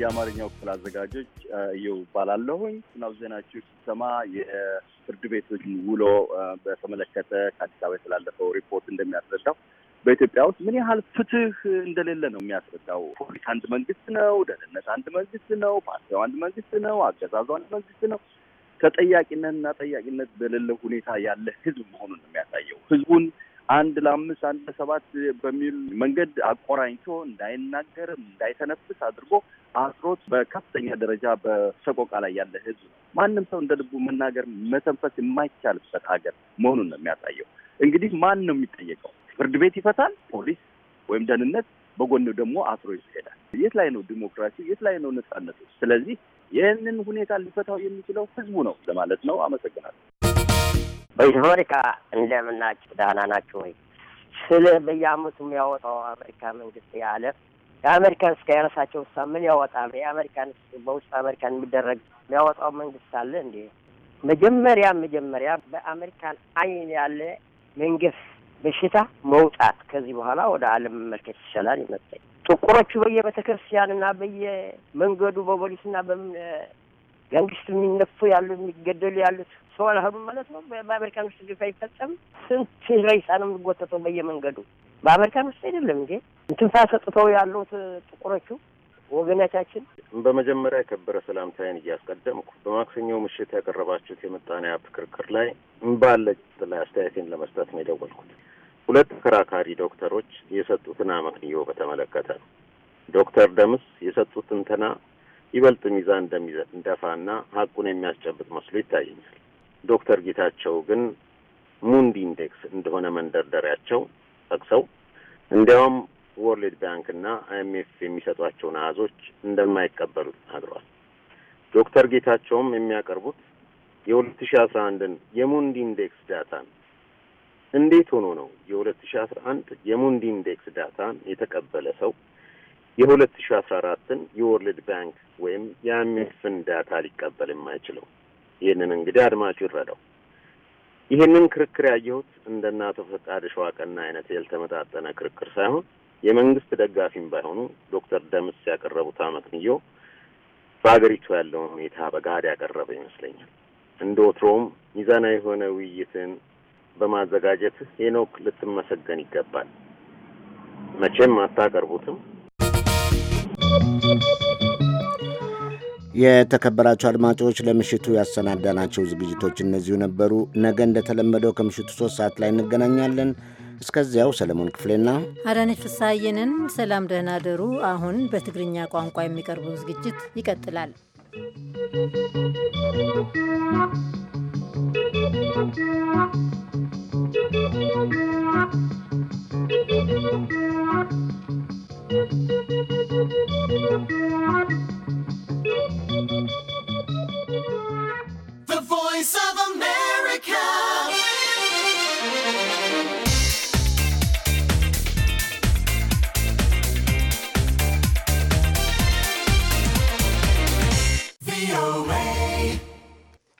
C: የአማርኛው ክፍል አዘጋጆች እየው ባላለሁኝ ናው ዜናችሁ ሲሰማ የፍርድ ቤቶች ውሎ በተመለከተ ከአዲስ አበባ የተላለፈው ሪፖርት እንደሚያስረዳው በኢትዮጵያ ውስጥ ምን ያህል ፍትህ እንደሌለ ነው የሚያስረዳው። ፖሊስ አንድ መንግስት ነው፣ ደህንነት አንድ መንግስት ነው፣ ፓርቲው አንድ መንግስት ነው፣ አገዛዙ አንድ መንግስት ነው። ተጠያቂነትና ጠያቂነት በሌለ ሁኔታ ያለ ህዝብ መሆኑን ነው የሚያሳየው ህዝቡን አንድ ለአምስት አንድ ለሰባት በሚል መንገድ አቆራኝቶ እንዳይናገርም እንዳይተነፍስ አድርጎ አስሮት በከፍተኛ ደረጃ በሰቆቃ ላይ ያለ ህዝብ ማንም ሰው እንደ ልቡ መናገር መተንፈስ የማይቻልበት ሀገር መሆኑን ነው የሚያሳየው። እንግዲህ ማን ነው የሚጠየቀው? ፍርድ ቤት ይፈታል፣ ፖሊስ ወይም ደህንነት፣ በጎን ደግሞ አስሮ ይሄዳል። የት ላይ ነው ዲሞክራሲ? የት ላይ ነው ነጻነቱ? ስለዚህ ይህንን ሁኔታ ሊፈታው የሚችለው ህዝቡ ነው ለማለት
J: ነው። አመሰግናለሁ። በአሜሪካ እንደምናችሁ ደህና ናችሁ ወይ? ስለ በየአመቱ የሚያወጣው አሜሪካ መንግስት ያለ የአሜሪካን እስከ የራሳቸው ውሳ ምን ያወጣል? የአሜሪካን በውስጥ አሜሪካን የሚደረግ የሚያወጣው መንግስት አለ እንዴ? መጀመሪያ መጀመሪያ በአሜሪካን አይን ያለ መንግስት በሽታ መውጣት ከዚህ በኋላ ወደ ዓለም መመልከት ይሻላል ይመስለኝ። ጥቁሮቹ በየቤተ ክርስቲያንና በየመንገዱ በፖሊስ በምን መንግስት የሚነፉ ያሉ የሚገደሉ ያሉት ሰው አልሄዱም ማለት ነው። በአሜሪካን ውስጥ ግፍ አይፈጸም። ስንት ሬሳ ነው የሚጎተተው በየመንገዱ በአሜሪካን ውስጥ አይደለም እንዴ? ትንፋሽ ሰጥተው ያሉት ጥቁሮቹ ወገናቻችን በመጀመሪያ የከበረ ሰላምታዬን እያስቀደምኩ በማክሰኛው ምሽት ያቀረባችሁት የምጣኔ ሀብት ክርክር ላይ እምባለጭ ላይ አስተያየቴን ለመስጠት ነው የደወልኩት። ሁለት ተከራካሪ ዶክተሮች የሰጡትን አመክንዮ በተመለከተ ነው። ዶክተር ደምስ የሰጡት ትንተና ይበልጥ ሚዛን እንደሚደፋና ሀቁን የሚያስጨብጥ መስሎ ይታየኛል። ዶክተር ጌታቸው ግን ሙንድ ኢንዴክስ እንደሆነ መንደርደሪያቸው ጠቅሰው እንዲያውም ወርልድ ባንክና አይኤምኤፍ የሚሰጧቸውን አሃዞች እንደማይቀበሉ ተናግረዋል። ዶክተር ጌታቸውም የሚያቀርቡት የሁለት ሺ አስራ አንድን የሙንድ ኢንዴክስ ዳታን እንዴት ሆኖ ነው የሁለት ሺ አስራ አንድ የሙንድ ኢንዴክስ ዳታን የተቀበለ ሰው የሁለት ሺ አስራ አራትን የወርልድ ባንክ ወይም የአይኤምኤፍን ዳታ ሊቀበል የማይችለው ይህንን እንግዲህ አድማጩ ይረዳው። ይህንን ክርክር ያየሁት እንደ እነ አቶ ሸዋቀና አይነት ያልተመጣጠነ ክርክር ሳይሆን የመንግስት ደጋፊም ባይሆኑ ዶክተር ደምስ ያቀረቡት አመክንዮ በሀገሪቱ ያለውን ሁኔታ በጋድ ያቀረበ ይመስለኛል። እንደ ወትሮውም ሚዛናዊ የሆነ ውይይትን በማዘጋጀት ሄኖክ ልትመሰገን ይገባል። መቼም አታቀርቡትም
A: የተከበራቸው አድማጮች ለምሽቱ ያሰናዳናቸው ዝግጅቶች እነዚሁ ነበሩ። ነገ እንደተለመደው ከምሽቱ ሶስት ሰዓት ላይ እንገናኛለን። እስከዚያው ሰለሞን ክፍሌና
B: አዳነች ፍሳይንን ሰላም፣ ደህና ደሩ። አሁን በትግርኛ ቋንቋ የሚቀርበው ዝግጅት ይቀጥላል።
G: Thank you.
D: man.